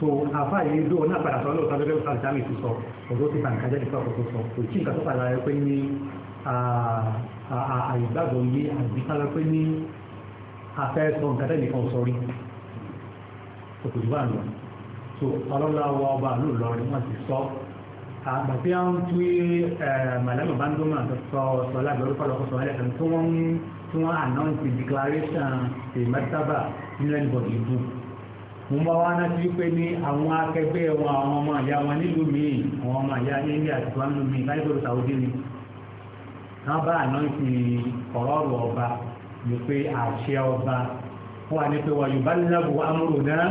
so àfa yìí ló náà padà sọ lóòótọ́ lọ́dọ́ àlùtàmì ti sọ ọ̀dọ́ ti fàǹkà jáde fún àkókò sọ kò tí nǹkan tó padà rẹ pé afẹ́sọ̀ nǹkan tẹ́lẹ̀ kan sọ rí kòtò ìwà lọ so ọlọ́láwọ ọba ló lọ rí wọ́n ti sọ àgbà tí wọ́n tún màdàmà bá ń dọ́mà sọ sọ lábẹ́ orúkọ lọ́kọ́ sọ ẹlẹ́sẹ̀ tí wọ́n tí wọ́n announce declaration ìmẹ́tàbà nínú ẹnìbọ̀dì ìbú mo bá wá náà ti pé ní àwọn akẹgbẹ́ wọn àwọn ọmọ ìyá wọn nílùú mi àwọn ọmọ ìyá ilé àti wọn nílùú mi láìpẹ́ òrùka òdì ni wọ́n bá announce ọ̀rọ̀ ọ̀rọ̀ ọba ni a ṣe ọba wọ́n wà ní pé wà yorùbá níláàbò amúrò náà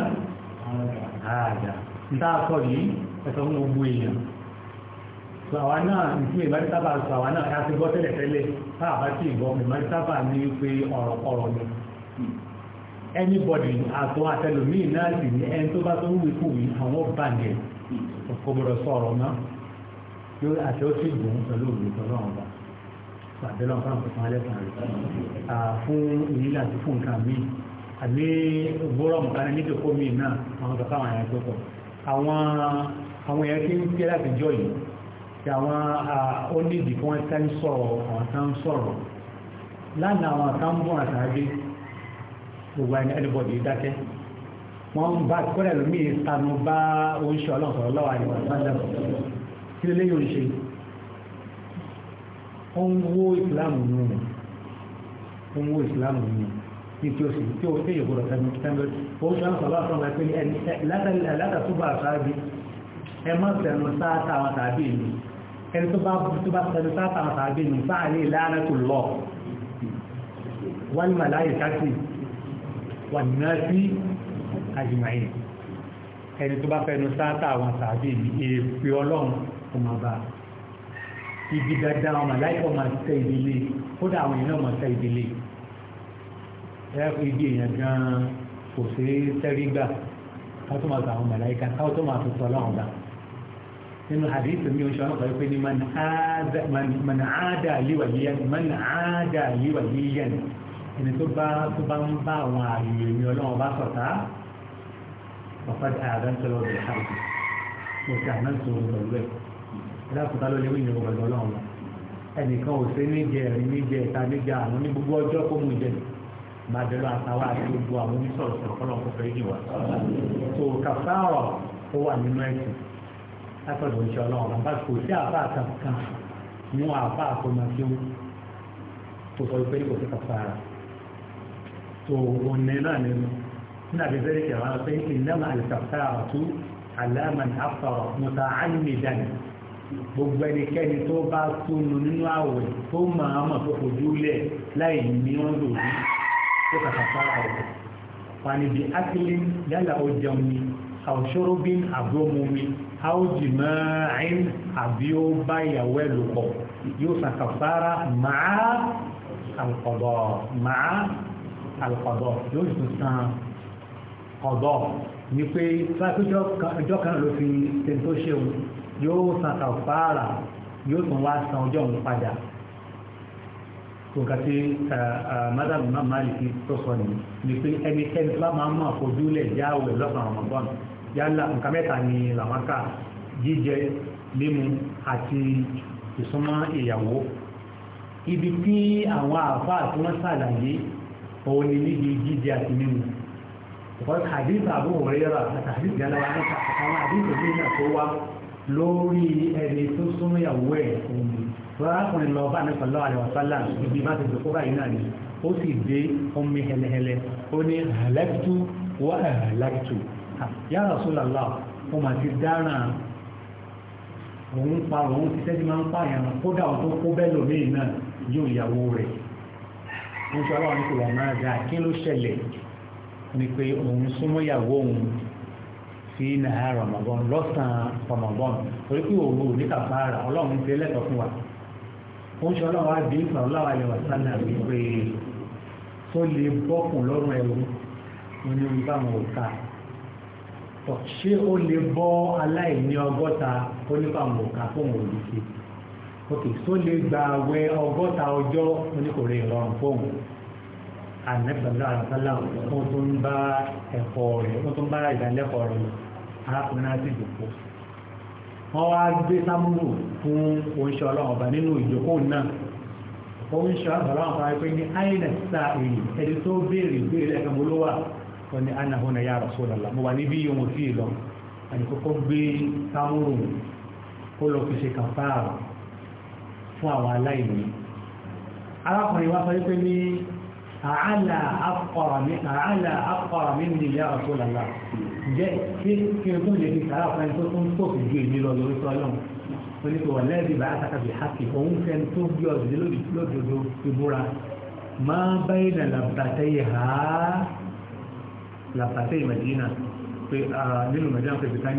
àdá níta sọ yìí ẹ̀sọ́ fún gbogbo èèyàn sọ àwa náà ìfún ìmáyé sọ àwa náà ká ti gbọ́ tẹ́lẹ̀ tá a bá ti gbọ́ ìmáyé ní pé ọ̀rọ̀ ọ̀rọ̀ ni anybody àtẹlòmíì náà sì ní àbẹ̀lọ́ fún àpòtán alẹ́sàn rẹ̀ fún ìyílẹ̀ àti fún nǹkan míì àbí gbọ́rọ̀ mọ̀kánná nídòkó míì náà àwọn kàkà àwọn àyàn tó pọ̀ àwọn àwọn èèyàn tí ń pẹ́ láti jọ yìí tí àwọn onídìí kí wọ́n tẹ́ ń sọ̀rọ̀ àwọn tán ń sọ̀rọ̀ lánàá àwọn kan ń bọ̀ àtàgé gbogbo ẹni ẹnibọ̀dì dákẹ́ wọ́n ń bá kọ́lẹ̀ lómi ìtanu bá oúnjẹ ọlọ́sọ̀rọ̀ lọ́wọ́ ó ń wó ìsìláàmù nù ó ń wó ìsìláàmù nù ní tí ó sì tí ó tẹ́yẹ̀ gbọ́dọ̀ tẹ́mi tẹ́mi ó ń sọ́nà sọ́lá sọ́nà pé ẹni látàtúbà sáábì ẹ má tẹnu sáátà àwọn tàbí mi ẹni tó bá tó bá tẹnu sáátà àwọn tàbí mi sáàlì ìlànà tó lọ wọ́n ní màláyé káàkiri wà ní sí àjùmáyé ẹni tó bá fẹnu sáátà àwọn tàbí mi èèpì ọlọ́run ọmọ bá ibi dandan ọmọ láìpọ̀ máa tẹ ìdílé kódà àwọn èèyàn máa tẹ ìdílé ẹ ibi èèyàn gan kò sí tẹ́rí gbà ká tó máa gba àwọn màláìka ká tó máa tuntun ọlọ́run gbà nínú àdéhùn mi ò ṣe ọlọ́pàá yìí pé ní man aada liwa yiyan man aada liwa yiyan ẹni tó bá tó bá ń bá àwọn àyè mi ọlọ́run bá sọ̀tá ọ̀pá àdáńtọ́lọ́ọ̀dẹ̀ káàkiri mo ti àná tó ń lọ lọ́wọ́ lákòótá ló lé wí ìyẹn gbọ̀ngàn ọlọ́run ẹnìkan ò sí níjẹ ẹ̀rí níjẹ ẹ̀ta níjẹ àwọn ní gbogbo ọjọ́ kó mú ìjẹ máa bẹ̀rẹ̀ àtàwọn àti gbogbo àwọn onísọ̀rọ̀ sọ̀rọ̀ kọ́lọ̀ kó fẹ́ yìí wá. tó kàfáàrọ̀ ó wà nínú ẹ̀sìn látọ̀dọ̀ ìṣẹ́ ọlọ́run bá kò sí àbá kankan mú àbá àkọ́mọ́síwò tó sọ pé kò sí kàfáàrà tó òní náà nínú nígbà gbogbo ẹnikẹ́ni tó bá túnu nínú àwẹ̀ tó máa mọ̀ tó fojú lẹ̀ láì ní wọ́n lò ní tó kàkàtà àwẹ̀ pàníbi akílẹ̀ yálà ó jẹun ni àwòṣòro bí àbúròmùmí àwòjì mẹ́rin àbí ó bá ìyàwó ẹ̀ lò pọ̀ yóò sàkàfàrà màá àlùkọ̀dọ̀ màá àlùkọ̀dọ̀ yóò sì san ọ̀dọ̀ ni pé sáà kan ló fi tètè tó ṣe yóò san kàfàrà yóò tún wá san ọjọ́ òun padà nǹkan tí madam mamali fi tó sọ ni ni pé ẹnikẹ́ni tó bá máa ń mọ̀ fojú lẹ̀ já òwe lọ́sàn-án ọmọbọ́n yálà nǹkan mẹ́ta ni làwọn kà jíjẹ mímu àti ìsúnmọ́ ìyàwó ibi tí àwọn àáfàá tí wọ́n ṣàlàyé òun ni níbi jíjẹ àti mímu ìfọ̀sí àdìsí àbúrò rẹ̀ yọrọ àti àdìsí ìjànàwá nípa àwọn àdìsí òmìnira tó wá lórí ẹ̀rẹ̀ tó súnmọ́ ìyàwó ẹ̀ òun arákùnrin lọ bá ní pẹ̀lú àríwá sálà ibi bá ti dòkó báyìí náà ni ó sì dé omi hẹlẹhẹlẹ ó ní àlẹ́kìtù wà àlẹ́kìtù ya Rasulullah ó mà ti dáràn òun pa òun ti tẹ́tí máa ń pààyàn kódà òun tó kó bẹ́ẹ̀ lòmíì náà yóò ìyàwó rẹ̀ ń sọ aláwọ̀ ní kò wà máa dà kí ló ṣẹlẹ̀ ni pé òun súnmọ́ ìyàwó òun fi nàá Ramadan, lọ́sàn-án rọmọgán torí pé òru ò ní kàfàrà ọlọ́run ti lẹ́tọ̀ọ́ fún wa ó ń ṣe ọlọ́run àbí ìgbà ọlọ́run àlẹ́ wà sánà wípé tó lè bọ́kùn lọ́rùn ẹ̀rú nínú báwọn òkà ṣé ó lè bọ́ aláìní ọgọ́ta ó ní báwọn òkà fóun ò ṣe òkè lè gba àwẹ̀ ọgọ́ta ọjọ́ oníkòrè ìrọ̀rùn fóun ànẹ́gbẹ̀lá àlọ́sálà ó tó ń bá ẹ̀kọ́ rẹ̀ ó tó ń bá ìdánilẹ́kọ̀ọ́ rẹ̀ arákùnrin náà sì dòpò wọ́n wá gbé sámúrù fún oníṣẹ́ ọlọ́run ọba nínú ìjókòó náà oníṣẹ́ ọlọ́run ọba pé ní àyìnà sáà èyí ẹni tó béèrè béèrè ẹ̀ka mo ló wà ó ní anahona ya Rasulullah mo wà níbí yìí mo fi lọ àti gbé sámúrù kó lọ fi ṣe kàfáà fún àwọn aláìní arákùnrin wá sọ àálà àkọ̀rọ̀ mi ní ìyá ọ̀tọ́ lọ́la jẹ́ kí o tó lè fi sàrà ọ̀fẹ́ tó tún tó fi ju èmi lọ lórí sọ́lọ́ oníkòwò lẹ́ẹ̀dì bá àtàkàbí hàkì òun fẹ́ tó bí ọ̀dẹ̀ lódodo ìbúra máa báyìí na làbàtẹ́ ha làbàtẹ́ ìmẹ̀dínà pé nínú mẹ̀dínà pé bìkan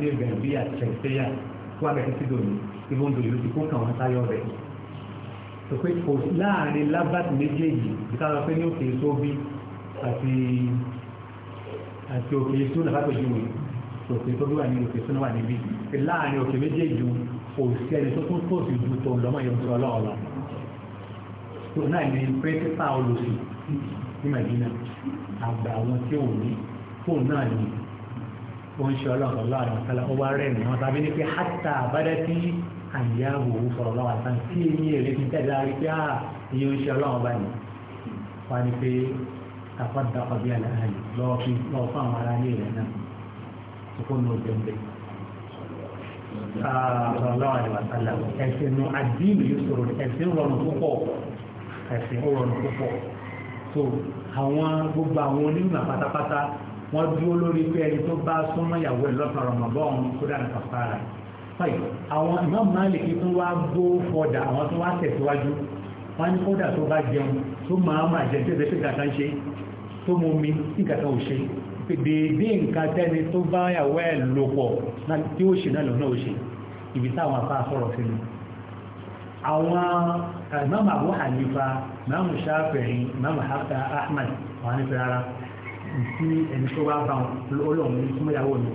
pé kò láàrin lábàtì méjèèjì ìtàwọn pé ní òkè sóbí àti àti òkè sónà lápèjúwe òkè sóbí wà ní òkè sónà wà níbí láàrin òkè méjèèjì kò sí ẹni tó tún tòsí ju tó lọ́mọ yẹn tó ọlọ́ọ̀lọ́ tó náà ní pírẹ́tìpà olùsì ní màdínà àgbà àwọn tí ò ní fóònù náà ní ó ń ṣe ọlọ́ọ̀lọ́ àwọn kálá ó wá rẹ̀ nìyẹn tàbí ní pé hátà àbádá tí àyà wò ó sọ̀rọ̀ lọ́wọ́ àtàn tí èyí rẹ̀ fi tẹ̀lé ara pé à iye oṣù ọlọ́run bá yìí wá ní pé kàfá dàpọ̀ bí àlàyé lọ́wọ́ fi lọ́wọ́ fún àwọn ará ilé rẹ̀ náà kókó ní oṣù ah, ẹ̀ńdẹ̀. sọ̀rọ̀ àyẹ̀wò àtàlà ẹ̀sìn nu àdínì yóò sọ̀rọ̀ ẹ̀sìn rọrùn púpọ̀ ẹ̀sìn rọrùn púpọ̀ tó àwọn gbogbo àwọn onímọ̀ pátápátá wọ́n dúró lórí pé ẹni tó bá súnmọ́ ìyàwó àwọn Imam Malik tó wá gbó fọdà àwọn tó wá tẹ̀síwájú wọ́n ní kódà tó bá jẹun tó máa máa jẹ tẹ́sẹ̀ pé gàtà ń ṣe tó mú mi sí gàtà ò ṣe dèédé nǹkan tẹ́ni tó bá yàwó ẹ̀ lò pọ̀ tí ó ṣe náà lọ́nà ó ṣe ibi táwọn afá sọ̀rọ̀ sí ni àwọn eh, Imam Abu Hanifa Imam Shafi'i Imam Ahmad wọ́n ní fẹ́ rárá tí ẹni tó bá bá wọn olóòmù súnmọ́ ìyàwó mi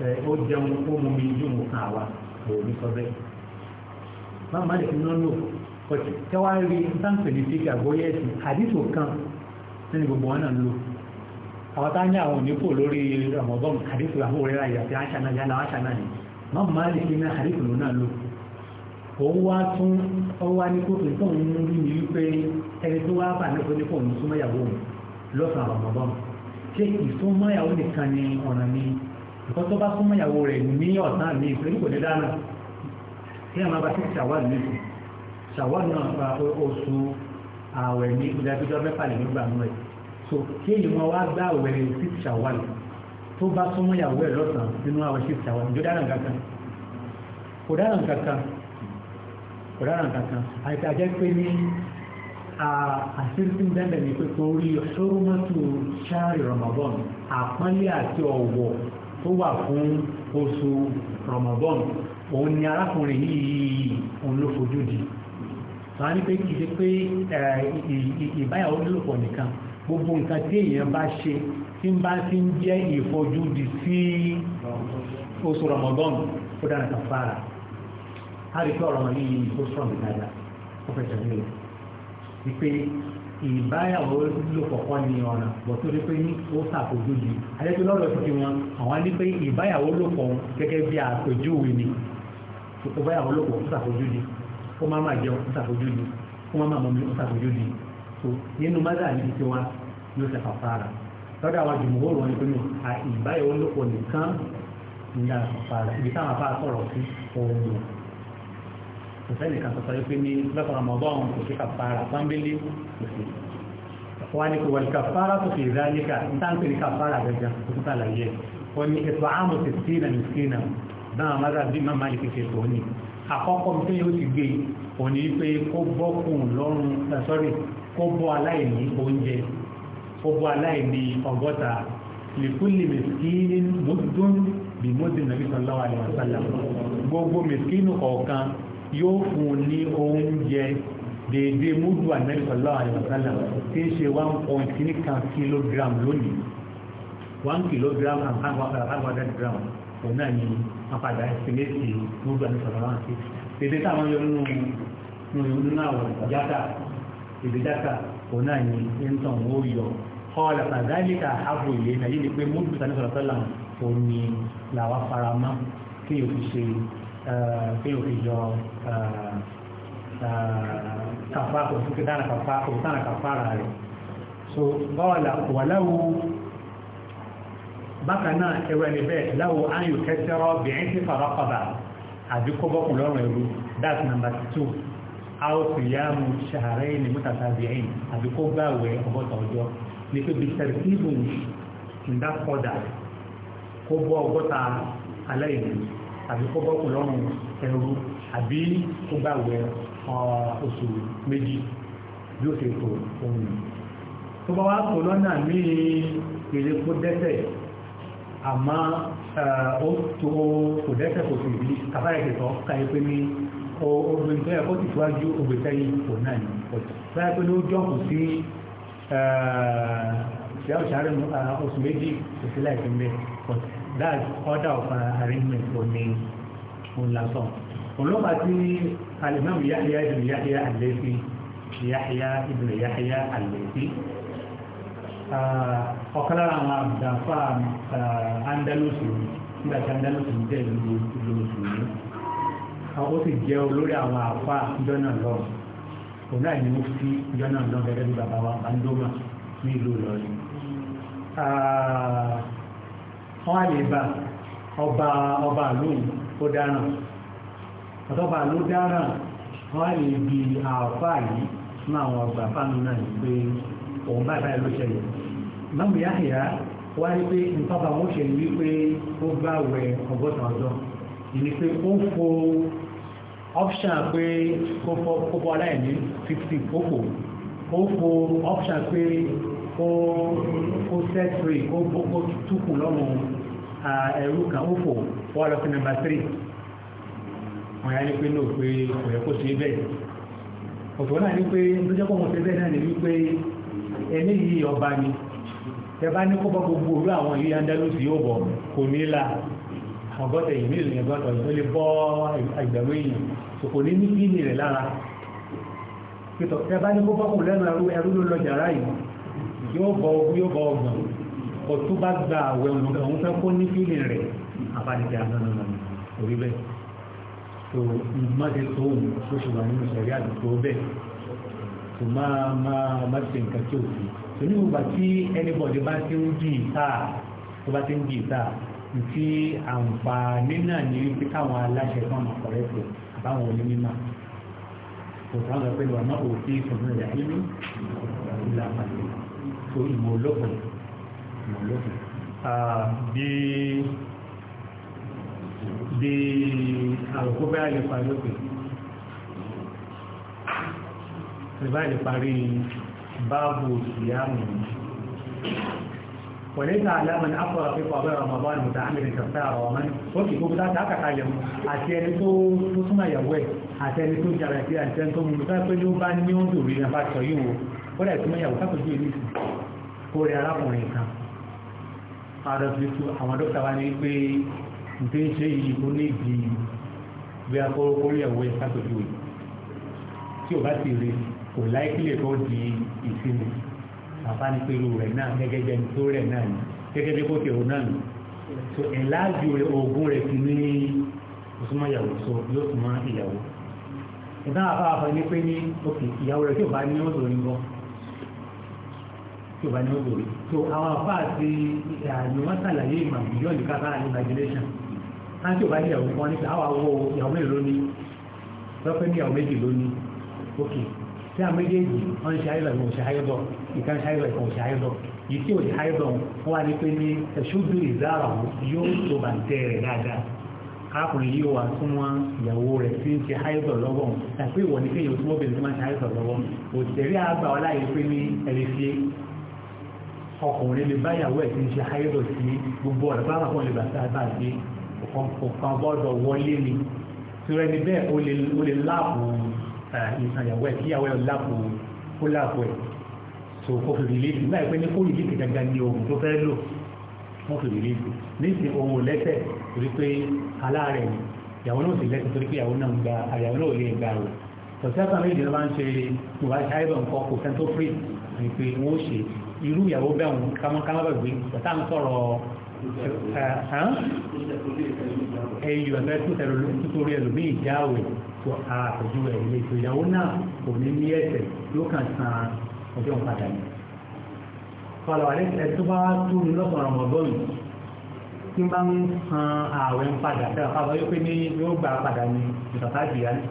ó jẹun ó mú mi ju mú kan àwa òun ní sọ bẹ́ẹ̀. báwo má lè fi náà lò kọ̀tì kẹwàá rí sáǹpẹ̀ ní fíkì àgbóyè ẹ̀sìn àdìsò kan nínú gbogbo wọn náà lò àwọn tá ní àwọn onípò lórí ọmọbọ́n àdìsò àwọn òrẹ́ra ìyàtì àṣàna yálà àṣàna ni má má lè fi náà àdìsò lò náà lò òun wá tún ọwọ́ wá ní kófin tó ń rí ni wípé ẹni tó wá bà ní kó ní kó ń lọ́sàn-án ọmọbọ́n ṣé ìsúnmọ́ nìkan ni ọ̀nà ni nǹkan tó bá súnmọ́ ìyàwó rẹ̀ ní ọ̀sán mi pẹ̀lú kò ní dáná kí àwọn bá tẹ̀sí ṣàwọ́ àlùmí kù ṣàwọ́ náà gba oṣù ààwẹ̀ ní ìdájọ́ mẹ́fà lè nígbà mú ẹ̀ so kí èyí wọn wá gbá àwẹ̀ sí ṣàwọ́ àlù tó bá súnmọ́ ìyàwó ẹ̀ lọ́sàn nínú àwẹ̀ sí ṣàwọ́ àlù ìjọba kankan kò dáná kankan kò dáná kankan àti àjẹ́ pé ní pé torí ṣòro ṣáàrì Ramadan àpọ́nlé àti ọ̀wọ̀ tó wà fún oṣù Ramadan òun ni arákùnrin yìí òun ló fojú di wọ́n á ní pé kì í ṣe pé ìbáyàwó nílòpọ̀ nìkan gbogbo nǹkan tí èèyàn bá ṣe tí ń bá ti ń jẹ́ ìfojúdi sí oṣù Ramadan ó dára kan fara a rí pé ọ̀rọ̀ yìí ó sọ̀rọ̀ dáadáa ó fẹsẹ̀ nílò wípé ìbáyàwó ló kọ̀kọ́ ní ọ̀nà bọ̀ tó dé pé ní ó ṣàpèjúwe àyẹ̀tò lọ́dọ̀ tó fi wọn àwọn á ní pé ìbáyàwó ló kọ̀ gẹ́gẹ́ bí àpèjúwe ni ó báyàwó ló kọ̀ ó ṣàpèjúwe ó má má jẹun ó ṣàpèjúwe ó má má mọ̀mí ó ṣàpèjúwe tó nínú mọ́tà ní ti wa ló ṣe fàfàrà lọ́dọ̀ àwọn jùmọ̀wó rọ̀ ní pé ní ìbáyàwó ló kọ̀ nìkan ní àfàfàrà ibi táwọn afá sọ̀rọ̀ sí òun kò sẹ́ni kan sọ̀tọ̀ wípé ní lọ́sọ̀ Ramadan kò sí kàfàrà pọ́nbélé kò sí wọ́n ní kò wọ̀lì kàfàrà tó fi ìdáníkà ìtànkì ní kàfàrà gẹ́gẹ́ kò sí tàlàyé wọ́n ní ètò àmọ̀ sí sínà ní sínà náà mọ́tà bí má máa lè ṣe tó ní àkọ́kọ́ mi tẹ́yìn ó ti gbé òní pé kó bọ́kùn lọ́rùn sọ́rí kó bọ́ aláìní oúnjẹ kó bọ́ aláìní ọgọ́ta lèkúlè mẹ́sìkínì mọ́tún bí mọ́tún nàbí sallallahu alaihi wasallam gbogbo mẹ́sìkínì kọ̀ọ̀kan yóò fún un ní oúnjẹ déédéé múdù ànábì sallallahu alaihi wasallam tí ń ṣe one point ní kan kilogram lónìí one kilogram and five hundred gram òun náà ni apàdà ẹ̀sìnlẹ̀sì múdù ànábì sallallahu alaihi wasallam déédéé táwọn yọ nínú nínú àwọn ìjáta ìdíjáta òun náà ni ẹ̀ńtàn ó yọ kọ́ọ̀lá fàdálíkà ààbò ìlé náà yìí ni pé múdù ànábì sallallahu alaihi wasallam òun ni làwọn faramọ́ fi ṣe pé òfin yọ kàfá òfin kí dára kàfá òfin dára kàfá ara rẹ̀ so bọ́ọ̀lá wà láwo bákan náà ẹwọ ẹni bẹ́ẹ̀ láwo áyù kẹsẹ́rọ́ bìín sí farakọ̀bà àbí kọ́bọ́kù lọ́rùn ẹ̀rú that's number two àwòsíyàmù ṣàárẹ̀ ní mọ́tàtàbíyìn àbí kó gbàwẹ̀ ọgọ́ta ọjọ́ ní pé bíṣẹ̀rì kí ìbùn ìdákọ̀dà kó bọ́ ọgọ́ta àbí kó bọ́ kù lọ́rùn ẹrú àbí kó bá wẹ̀ oṣù méjì bí ó ṣe tó ohun tó bá wá kó lọ́nà ní èrè kó dẹ́sẹ̀ àmọ́ ó tó kò dẹ́sẹ̀ kò sì rí kàfáyà ìṣẹ̀tọ́ káyé pé ní obìnrin tó yẹ kó ti tíwájú ògbésẹ̀ yìí kò náà ní ọjọ́ báyà pé ní ó jọ́kù sí ṣe àwọn ìṣàárẹ̀ oṣù méjì kò sí láìpẹ́ mẹ́ ọ̀tẹ̀ that order of uh, arrangement kò ní òun lásán olóòpá tí alimami yahya ibn yahya al-Laythi yahya ibn yahya al-Laythi uh, ọ̀kan lára àwọn àgbàfà uh, Andalusi nígbà tí Andalusi jẹ́ ìlú ìlú mùsùlùmí ó sì jẹ́ olórí àwọn àfà jọ́nà lọ́wọ́ òun náà ni mo fi jọ́nà lọ́wọ́ gẹ́gẹ́ bí bàbá wa bá ní ìlú Ìlọrin. wọ́n lè ọba ọba àlóyìn ó dáràn ọ̀tọ́ba wọ́n lè bi àwọ̀fà yìí fún àwọn ọgbà fáànù náà yìí pé òun bá ìbáyìí ló ṣẹlẹ̀ mọ́mú yáhìá wá rí pé nǹkan bá ṣe ní wípé ó wẹ pé ó fo pé kó fọ́ aláìní kó sẹ́tìrì kó túkù lọ́mọ ẹ̀rú kan ó fò wọ́n lọ sí nàmbà tírì wọ́n yá ní pé náà pé kò yẹ kó ṣe bẹ́ẹ̀ ọ̀tọ̀ náà ní pé tó jẹ́ kó wọ́n ṣe bẹ́ẹ̀ náà ní wípé ẹni yìí ọba ni ẹ bá ní kó bá gbogbo òru àwọn ìlú Andalusi yóò bọ̀ kò ní la ọgọ́ta ìlú ìlú ẹgbọ́tọ̀ ìlú lè bọ́ àgbẹ̀wé yìí kò ní ní fíìmì rẹ̀ lára pẹ̀tọ̀ ẹ bá ní kó bá kò lẹ́nu ẹrú ló lọ jàrá yìí yóò bọ ogun yóò bọ ọgbọ̀n kò tó bá gba àwẹ̀ òun fẹ́ kó ní fílì rẹ̀ àbájáde àgbọ̀nà orí bẹ́ẹ̀ tó mọ́tẹ́ tó wù tó ṣùgbọ́n nínú sẹ̀rí àdúgbò bẹ́ẹ̀ tó máa máa má ṣe nǹkan tí ò sí tó ní ìgbà tí ẹnibọ̀dé bá ti ń bì táà tó bá ti ń bì táà ti àǹfààní náà ní wípé káwọn aláṣẹ kan máa kọ̀rẹ́ tó àbáwọn onímọ̀ kò sáwọn ọ̀pẹ́ ìwà náà ò sí ìfọ̀nà ìyá nínú ìlànà so ìmọ̀ olókun ìmọ̀ olókun bí bí àrùkú bẹ́ẹ̀ lè parí òkè ìbá lè parí báàbù ìyáàmù وليس على من أفضل في قبل رمضان متعمد كفارة ومن وكي كو بدا تاكا كايم àtẹni tó tó súnmọ́ ìyàwó ẹ̀ àtẹni tó jàrẹ̀ sí àtẹni tó mú mi sáà pé ló bá ní oúnjẹ òbí náà bá sọ kódà ìtumọ̀ ìyàwó sápòjú ìlú ìsìn ó rẹ arákùnrin kan ààrẹ fi tu àwọn dókítà wa ní pé nǹkan ṣe yìí ó ní ìdí bí akórókórí ẹ̀wọ́ ẹ̀ sápòjú ìlú tí ò bá ti rí kò láìpìlẹ̀ tó di ìsinmi bàbá ní pé irú rẹ̀ náà gẹ́gẹ́ bí ẹni tó rẹ̀ náà ni gẹ́gẹ́ bí kòkè òun náà ni so ìlàjù oògùn rẹ̀ ti ní ìsúnmọ́ ìyàwó so yóò súnmọ́ ìyàwó ìdáhàfáàfà ní pé ní òkè ìyàwó rẹ̀ tí ò bá ní ó lò tí o bá ní owó so àwọn afa àti àyè wọn ṣàlàyé ìmọ̀ ìjọ ìlú káfá àti imagination á tí o bá ní ìyàwó kan nípa àwọn awọ ìyàwó mélòó lónìí lọ́pẹ́ ní ìyàwó méjì lónìí ok tí a méjèèjì wọn ṣe ayé lọ ìwọ̀n ṣe ayé lọ ìkan ṣe ayé lọ ìkan ṣe ayé lọ yìí tí o ṣe ayé lọ wọn wá ní pé ní ẹṣúdú ìzára yóò tó bá tẹ rẹ dáadáa arákùnrin yìí wà fún wọn ìyàwó rẹ tí ń ṣe ayé lọ lọ́wọ́ àti pé ìwọ ní kéèyàn tó mọ́bìnrin tó máa ń ṣe ayé lọ́wọ́ òṣèré àgbà ọláyé pé ní ẹ̀rẹ́fẹ́ ọkùnrin lè bá ìyàwó ẹ̀ tí ń ṣe ayọ́dọ̀ sí gbogbo ọ̀rẹ́ pátá kan lè bá sí àbá àgbé ọ̀kan bọ́dọ̀ wọlé ni tirẹ̀ ni bẹ́ẹ̀ o lè láàbù ìsàn ìyàwó ẹ̀ kí ìyàwó ẹ̀ láàbù kó láàbù ẹ̀ so kó fi rìlíìfì náà pé ní kó rìlíìfì gangan ni ohun tó fẹ́ lò wọ́n fi rìlíìfì nísìnyí ohun lẹ́sẹ̀ torí pé aláàrẹ̀ ni ìyàwó náà sì lẹ́sẹ̀ torí pé ìyàwó náà gba gba irú ìyàwó bẹ́ẹ̀ òun kámọ́kámọ́ bẹ̀ gbé bàtà ń sọ̀rọ̀ ẹ̀yìn ọ̀fẹ́ tutori ẹlòmíì jáwèé tó àpèjú ẹ̀ ilé ètò ìyàwó náà kò ní ní ẹ̀sẹ̀ yóò kàn san ọjọ́ padà ní. fọlọ́ àlẹ́ ẹ̀ tó bá tú ní lọ́sàn-án ọmọbọ́ọ̀lù tí bá ń san ààwẹ̀ ń padà tẹ́lẹ̀ fáwọn yóò pé ní yóò gbà padà ní ìtọ́sájì yá ní.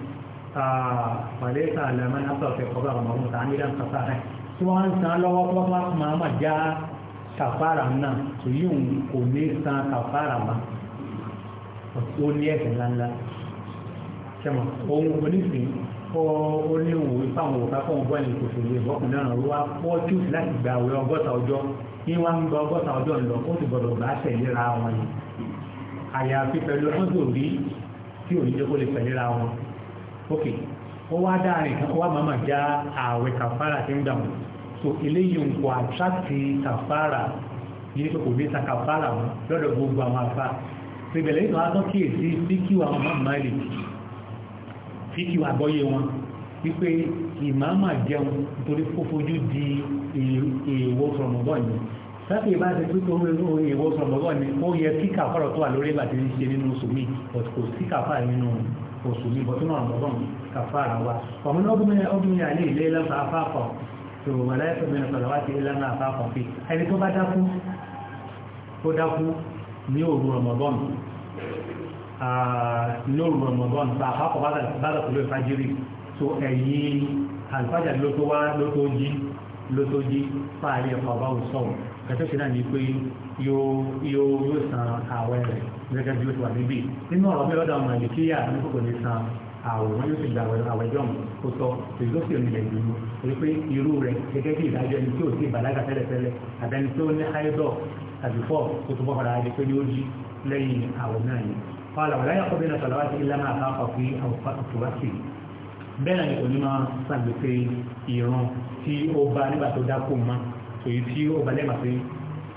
àpàdé sàlẹ̀ mẹ́ta sọ̀rọ̀ kọ́ bá ọmọ ọmọ tí wọ́n ń san lọ́wọ́ tó bá máa ma já kàfàrà náà tó yí òun kò ní san kàfàrà ma ó ní ẹ̀sẹ̀ ńláńlá sẹ́mọ̀ ohun onísìn ó ní òun ipá òun òkà fún ọgbọ́n ní kò sì lè bọ́kùn náà ló wá pọ́ tíùsì láti gba àwẹ̀ ọgọ́ta ọjọ́ ní wọ́n ń gba ọgọ́ta ọjọ́ ńlọ ó sì gbọ́dọ̀ bá tẹ̀léra wọn ni àyàfi pẹ̀lú ọjọ́ òrí tí òní jẹ́ kó lè tẹ̀léra wọn ok ó wá dáa nìkan ó wá màmá já àwẹ̀ kàfàrà tí ń dà wọ́n so eléyìí ń kọ àtúrákì kàfàrà yìí pé kò ní sa kàfàrà wọn lọ́dọ̀ gbogbo àwọn afá pẹ̀lẹ́ ìtàn atọ́ kíyèsí fíkíwà Imam Malik fíkíwà gbọ́yé wọn wípé ìmáàmà jẹun nítorí fófojú di èèwọ̀ sọ̀rọ̀mọ́gọ́ ni sáfì bá ti pípé ohun èèwọ̀ sọ̀rọ̀mọ́gọ́ ni ó yẹ kí kàfàrà tó wà lórí ìgbà tí ń ṣe nínú oṣù mi kò sí kàfàrà nínú oṣù mi bọ́tún náà mọ́gọ́ mi kàfàrà wa ọmọ náà ọdún mi àlè ilé lọ́sàáfà kan tó wà láyẹ̀tò mẹ́rin sọ̀rọ̀ wá sí ìlànà àfáàkọ̀ fi ẹni tó bá dákú ó dákú ní òru Ramadan ní òru Ramadan bá àfáàkọ̀ bá dàkú ló fàjírí tó ẹ̀yìn àlùfájà ló tó wá ló tó jí ló tó jí fáàrí ẹ̀kọ́ bá wù sọ̀rọ̀ kẹtọ́ sí náà ní pé yóò yóò san àwẹ̀ rẹ̀ gẹ́gẹ́ bí ó ti wà níbí nínú ọ̀rọ̀ mi lọ́dọ̀ ọmọ ìlú kíyà ní kòkò ní san àwòrán yóò sì gba àwẹ̀ ọjọ́ kó sọ èyí ló sì ò nílẹ̀ dùnú èyí pé irú rẹ̀ gẹ́gẹ́ bí ìdájọ́ ẹni tí ò sí ìbàlágà tẹ́lẹ̀tẹ́lẹ̀ àtẹni tí ó ní háídọ̀ tàbí fọ́ tó tún bọ́kọ̀dá adé pé yóò jí lẹ́yìn àwọ̀ náà ni fọ́lá wàlá yà kọ́bí náà sọ̀lá wá sí ilé máa bá ọkọ̀ fi àwòfáàtì bẹ́ẹ̀ ni òní máa sàgbèsè ìran tí ó bá nígbà tó dákò mọ́ èyí tí ó balẹ̀ màpé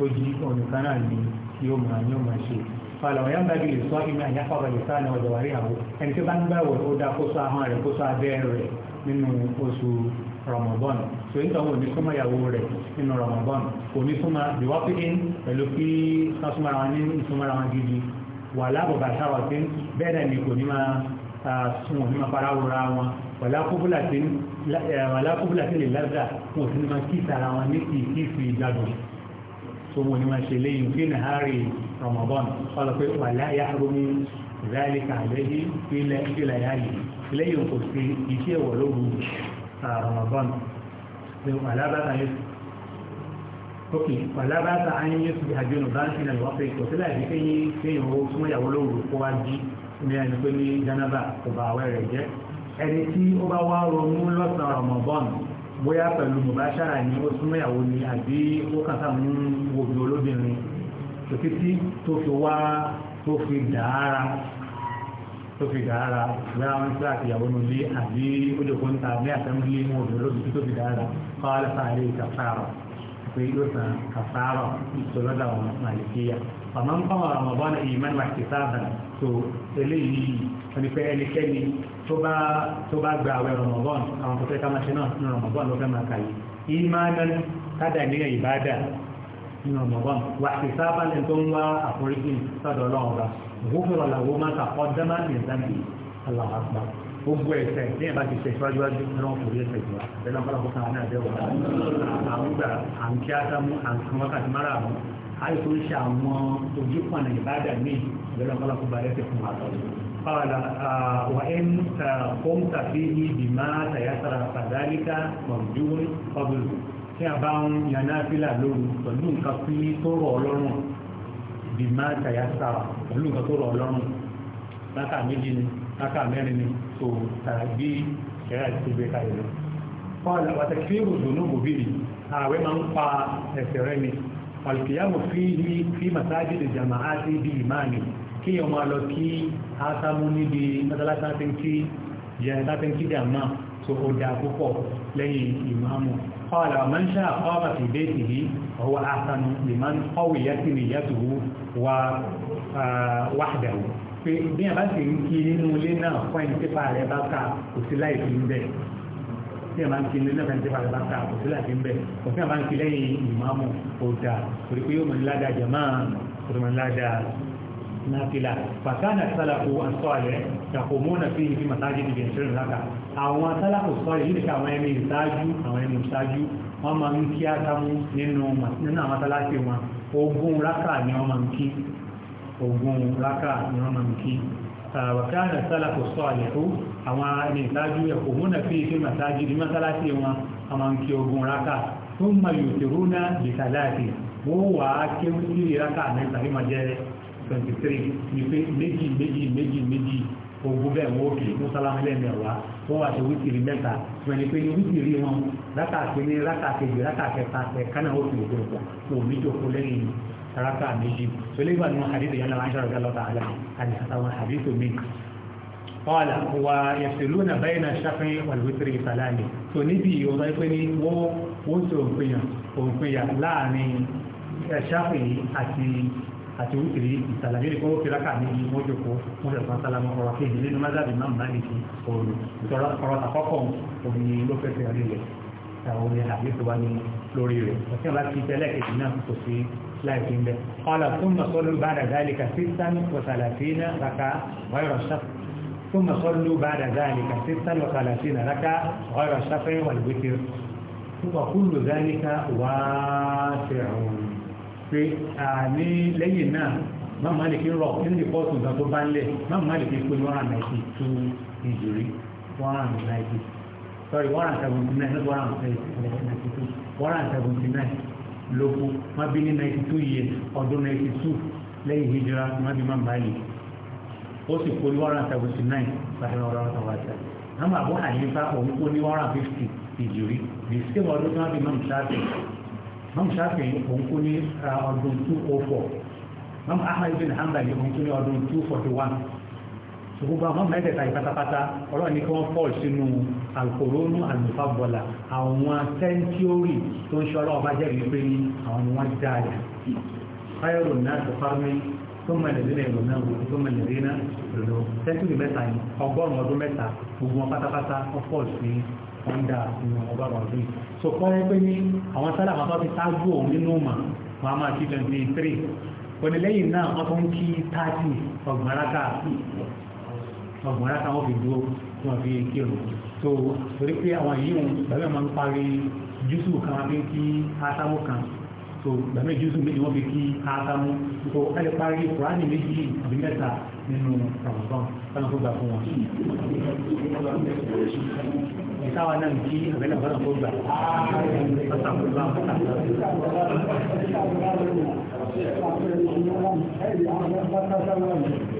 ó jí ọ̀nìkan náà ni yóò máa yóò máa ṣe falọ̀ ọ̀yá ń bá gílè sọ ìmọ̀ àyà fọ̀rọ̀ ìfẹ́ àná ọ̀dọ̀ wàrí àwọ̀ ẹni tí bá ń gbàwọ̀ ó dá kó ahọ́n rẹ̀ kó sọ rẹ̀ nínú oṣù Ramadan tó ń tọ́wọ́ ní súnmọ́ ìyàwó rẹ̀ nínú Ramadan kò ní súnmọ́ ìwọ́pín pẹ̀lú kí sásúnmọ́ra wọn ní ìsúnmọ́ra wọn gidi wà lábùbà sáwà tí bẹ́ẹ̀ ni kò ní máa sun òní máa fara wura wọn wàlá kúbúlà tí lè lázà wọn ò sí ní máa kí ìtara wọn ní kìí ìgbàdùn tó wọn ni máa ṣe léyìn fi nahari Ramadan ọlọ pé wàlá ya rumi zalika àlẹyìn ilẹ̀ ìfìlà yá yìí léyìn kò sí iṣẹ́ ìwọ̀ lóru Ramadan ṣe wàlá bá ta yẹn ok wàlá bá ta á yẹn fi àjọ nù bá ń fi nàlọ́ pé kò sílẹ̀ àti kéyìn lóru kó wá jí ní ẹni pé ní janaba kò bá àwẹ̀ jẹ́ ẹni tí ó bá wá ronú lọ́sàn-án Ramadan bóyá pẹ̀lú mọ̀báṣára ni ó súnmọ́ ìyàwó ni àbí ó kàn sáà mú obì olóbìnrin tòtítí tó fi wá tó fi dàára tó fi dàára bóyá wọn sí àtìyàwó ní ilé àbí ó lè kó ń ta ní àtẹ́mú ilé mú obì olóbìnrin tó fi dàára kọ́ pé yóò san kàfàrà ìtòlọ́dà wọn màlìkíyà àmọ́ ń bọ́n Ramadan ìmán wa ihtisaban tó eléyìí onífẹ́ ẹnikẹ́ni tó bá tó bá gba àwẹ̀ Ramadan àwọn tó fẹ́ ká máa ṣe náà nínú Ramadan ló fẹ́ máa kà yìí ìmánan kádà ní ìbádà nínú Ramadan wa ihtisaban lẹ́nu tó gbogbo ẹ̀sẹ̀ ní ẹ̀bá ti ṣe ìfúrájú wájú náà kò rí ẹ̀sẹ̀ ìjọba bẹ́ẹ̀ náà kọ́lọ́kọ́ kan náà bẹ́ẹ̀ wọ̀ àmúgbà àǹkí átámú àǹkan wákàtí mara àmú àìkú ń ṣe àwọn ojúkànnà ìbádà míì bẹ́ẹ̀ náà kọ́lọ́kọ́ bá ẹ̀sẹ̀ fún wa قال وإن قمت فيه بما تيسر فذلك مرجو فضله tí a bá ń yaná fílà lóru pẹ̀lú nǹkan tí tó rọ̀ ọlọ́run bíi máa pẹ̀lú nǹkan tó rọ̀ ọlọ́run látà méjì ni rákà mẹ́rin ni tó tàbí ṣẹ̀rá ìṣègbè kalẹ̀ lọ. kọ́ọ̀lù àtàkì ìròdùnú mòbìlì ààwẹ̀ máa ń pa ẹ̀ṣẹ̀ rẹ̀ ni alkiyamu fihi fi masajid jama'ati bi imani kí ọmọ lọ kí asamu níbi mọ́tàlásá ti ń kí yẹn tá ti ń kí dàmà tó o dà púpọ̀ lẹ́yìn ìmáàmù قال من شاء قام في بيته فهو أحسن لمن قويت نيته ووحده pé bí a bá ti ń kí nínú ilé náà fún ẹni pépà rẹ bá kà kò sí láì fi ń bẹ̀ bí a máa ń kí nínú ẹni pépà rẹ bá kà kò sí láì fi ń bẹ̀ kò sí a máa ń kí lẹ́yìn ìmáàmù ọ̀dà torí pé yóò mọ̀ nílá dáa jẹ̀má kò mọ̀ nílá dáa náfìlà fàkánà sálàkù àsọ̀lẹ̀ yàkùmọ́nà fi ìfi màsáàjì ìdìbò ìṣẹ́rìn láta àwọn ni wọ́n máa ogun rákà ni wọ́n ma miki, kí wàkàna sálàkù sọ àlẹ́kù àwọn ẹni ìtajú ẹ̀kọ́ múnà fi ṣe màsáájú ní mọ́sálásí wọn a máa ń kí ogun rákà tó ń ma yòókè rúnà bìtàláàtì wọ́n wà á kéwú sí rákà mẹ́ta ní ma jẹ́ 23 ní pé méjì méjì méjì méjì ogun bẹ́ẹ̀ wọ́n kì í mú sálámù lẹ́mẹ̀wá wọ́n wà ṣe wítìrì mẹ́ta wọ́n ní pé ní wítìrì wọn rákà kìíní rákà kejì rákà kẹta kẹ raka méjì tó lè gbà nínú hadith yẹn lọ́wọ́ aṣọ àgbàlọ́ tààlà àti àtàwọn hadith mi ọ̀là wà ẹ̀sìlú náà báyìí náà ṣàfihàn wàlúwítírì ìsàlàyé tó níbi ìwọ̀n pé ní wọ́n tó òǹpinya òǹpinya láàrin ṣàfihàn eh, àti àti wítìrí ìsàlàyé ní kọ́wọ́ fìlàkà ní wọ́n jòkó wọ́n fẹ̀sán sálámù ọ̀rọ̀ kejì nínú mọ́sáàbì máa bá nìkí òòlù ìtọ́rọ̀ àkọ́kọ́ òbí ló fẹ́ fẹ́ rí rẹ̀ àwọn ohun ìhàgbé tó wá ní lórí rẹ̀ ọ̀sẹ̀ láìpẹ́ ń bẹ́ ọlọ fún mọ̀sọ́lù bá dà dáìlìkà sísan wọ̀sàlàfínà raka wọ́yọ̀ ṣaf fún mọ̀sọ́lù bá dà dáìlìkà sísan wọ̀sàlàfínà raka wọ́yọ̀ ṣafẹ́ wàlúwítì wàkúlù dáìlìkà wà fẹ̀rùn pé àní lẹ́yìn náà máa máa lè fi rọ̀ nínú ìpọ́ọ̀tù nǹkan tó bá ń lẹ̀ máa máa lè fi pé one hundred ninety two ìjòrí one hundred ninety sorry one hundred seventy nine not one hundred ninety two one hundred seventy nine lóko wọ́n bí ní 92 years ọdún 92 lẹ́yìn hijira wọ́n bí máa báyìí ó sì kó ní 179 pàtàkì ọ̀rọ̀ ọ̀tọ̀ wájà àmọ́ àbọ̀ àyíká òun kó ní 150 ìjòrí the same ọdún tí wọ́n bí máa ń ṣáàtì máa òun kó ní uh, ọdún 204 máa ń ahmed bin hanbali òun kó ní ọdún 241 gbogbo àwọn mẹ́tẹ̀ẹ̀ta ìpátápátá ọlọ́run ní kí wọ́n fọ́ọ̀lù sínú alukòrónú àlùfáàbọ̀là àwọn sẹ́ńtíórì tó ń ṣe ọlọ́run bá jẹ́rìí pé ní àwọn ni wọ́n dá rẹ̀. fáyọrò náà tó fármí tó mẹ́lẹ̀ lé lẹ́yìn lọ́nà òwò tó mẹ́lẹ̀ lé náà lọ́nà sẹ́ńtíórì mẹ́ta yìí ọgọ́rùn-ún ọdún mẹ́ta gbogbo wọn pátápátá wọ́n fọ́ọ̀lù sí ọ̀ndà nínú ọgọ́rùn-ún ọdún yìí. so kọ́ ẹ pé ní àwọn sálà àwọn tó ti tájú òun nínú mà wọn a máa kí twenty three onílẹ́yìn náà wọ́n tún kí thirty ọgbọ̀n ọgbọ̀n láta wọn fi dúró tí wọn fi kírun tó torí pé àwọn yìí wọn gbàgbé máa ń parí júùsù kan wọn fi ń kí ásámù kan tó gbàgbé júùsù méjì wọn fi kí ásámù tó ẹ lè parí kùránì méjì àbí mẹ́ta nínú ramadan kánà kó gbà fún wọn. ìsáwa náà kí àbẹ́lẹ̀ kánà kó gbà. Thank you.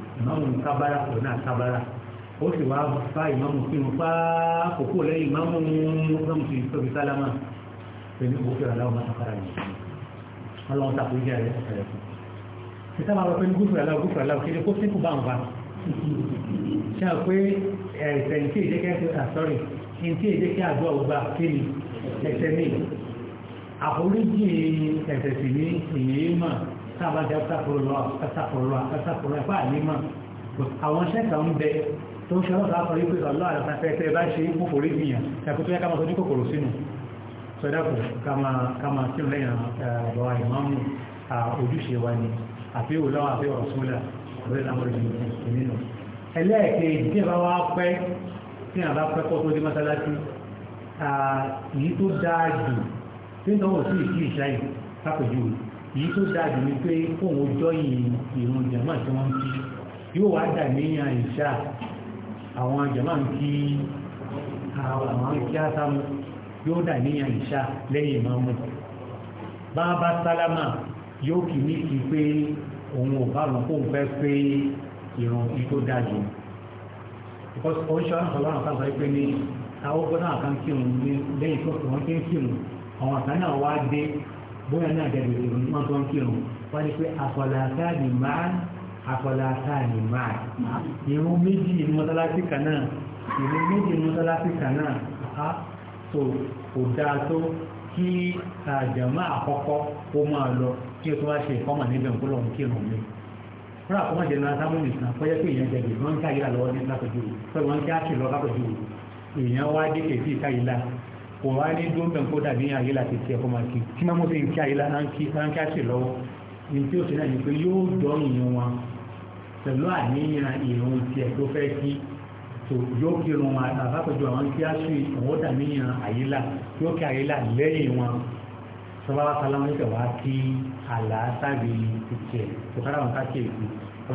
ìmáàmù kábàrà kò náà kábàrà ó sì wá bá ìmáàmù sínú pa kókó lẹ́yìn ìmáàmù ìmáàmù sì tóbi sálámà pẹ̀lú òkè aláwọ̀ máa kára yìí ọlọ́run tàbí ìjà rẹ̀ ọ̀sẹ̀rẹ̀ fún ṣe sábà lọ pé ní gúúsù aláwọ̀ gúúsù aláwọ̀ kéde kó sínkù bá ń fa ṣe à pé ẹ̀sẹ̀ ní tí èdè kẹ́kẹ́ àsọ́rì ní tí èdè kẹ́ àgbọ̀ ọgbà kéde ẹ̀sẹ̀ ní àforíjì ẹ̀sẹ̀ sì ní ìyẹn mà táwọn bá ti ẹ́sàkùrọ̀lọ́ ẹ́sàkùrọ̀lọ́ ẹ́sàkùrọ̀lọ́ ẹ̀fà àlímọ̀ àwọn ṣẹ́kà ń bẹ tó ń ṣọ́lọ́ta akọ̀ yí pé ọlọ́ àrẹ́sàfẹ́fẹ́ bá ṣe ń kókò rí gbìyàn ẹ̀kú tó yẹ ká máa tọ́jú kòkòrò sínú sọ́dọ̀kù ká máa kí lẹ́yìn àbọ̀wá ìmáàmù ojúṣe wa ni àfi òláwà àfi ọ̀rọ̀ súnlẹ̀ àbẹ́rẹ́ lámọ́rin ìmínú ẹlẹ́ẹ̀kẹ́ ìdí ẹ̀bá wá pẹ́ tí a bá pẹ́ kọ́kọ́ dé mọ́sálásí èyí tó dáa jù tí náà ò sí ìkí ìṣáyì lápòjú rẹ̀ èyí tó dájú ni pé fóun ọjọ́ yìí ìrun jàmáà tí wọ́n kí yóò wá dà níyàn ìṣá àwọn jàmáà ń kí àwọn kí á sámú yóò dà níyàn ìṣá lẹ́yìn ìmáàmù bá bá sálámà yóò kì ní kí pé òun ò bá wọn kóun fẹ́ pé ìrun èyí tó dájú because oríṣi àwọn ọ̀sán lọ́nà kan sọ pé ní àwọn gbọ́dọ̀ àkáǹtì òun lẹ́yìn tó fi wọ́n ti ń kírun àwọn àkáǹtì náà wá dé bóyá náà dẹ̀rẹ̀ ìròyìn wọn tó ń kírun wọ́n ní pé àfọlàká ni máa àfọlàká ni máa ìrun méjì ní mọ́sálásí kan náà ìrun méjì ní mọ́sálásí kan náà á tó kò dáa tó kí àjàmá àkọ́kọ́ kó máa lọ kí o tó wá ṣe ìkọ́mọ̀ níbẹ̀ ń kó lọ́n kírun mi fúnra àkọ́mọ̀ jẹ́ náà sábà nìkan kọjá pé ìyẹn jẹ̀bi wọ́n ń ká ìlà lọ́wọ́ ní lápẹ̀jù pé wọ́n ń ká kìlọ́ lápẹ̀jù ìyẹn wá kò wá ní dóńbẹ̀ kó dàbí ayé láti tiẹ̀ kó máa kí kí máa mú sí kí ayé láti kí kí á sì lọ́wọ́ ní tí ó ṣe náà ní pé yóò dọ́ ìyẹn wọn pẹ̀lú àníyàn ìrun tiẹ̀ tó fẹ́ kí tó yóò kí irun wọn àbápẹ̀jọ àwọn kí á sì àwọn dàníyàn ayé là yóò kí ayé là lẹ́yìn wọn sọ́ba sálámù ní kí àlàáfàgbé tiẹ̀ tó kára wọn ká tiẹ̀ kú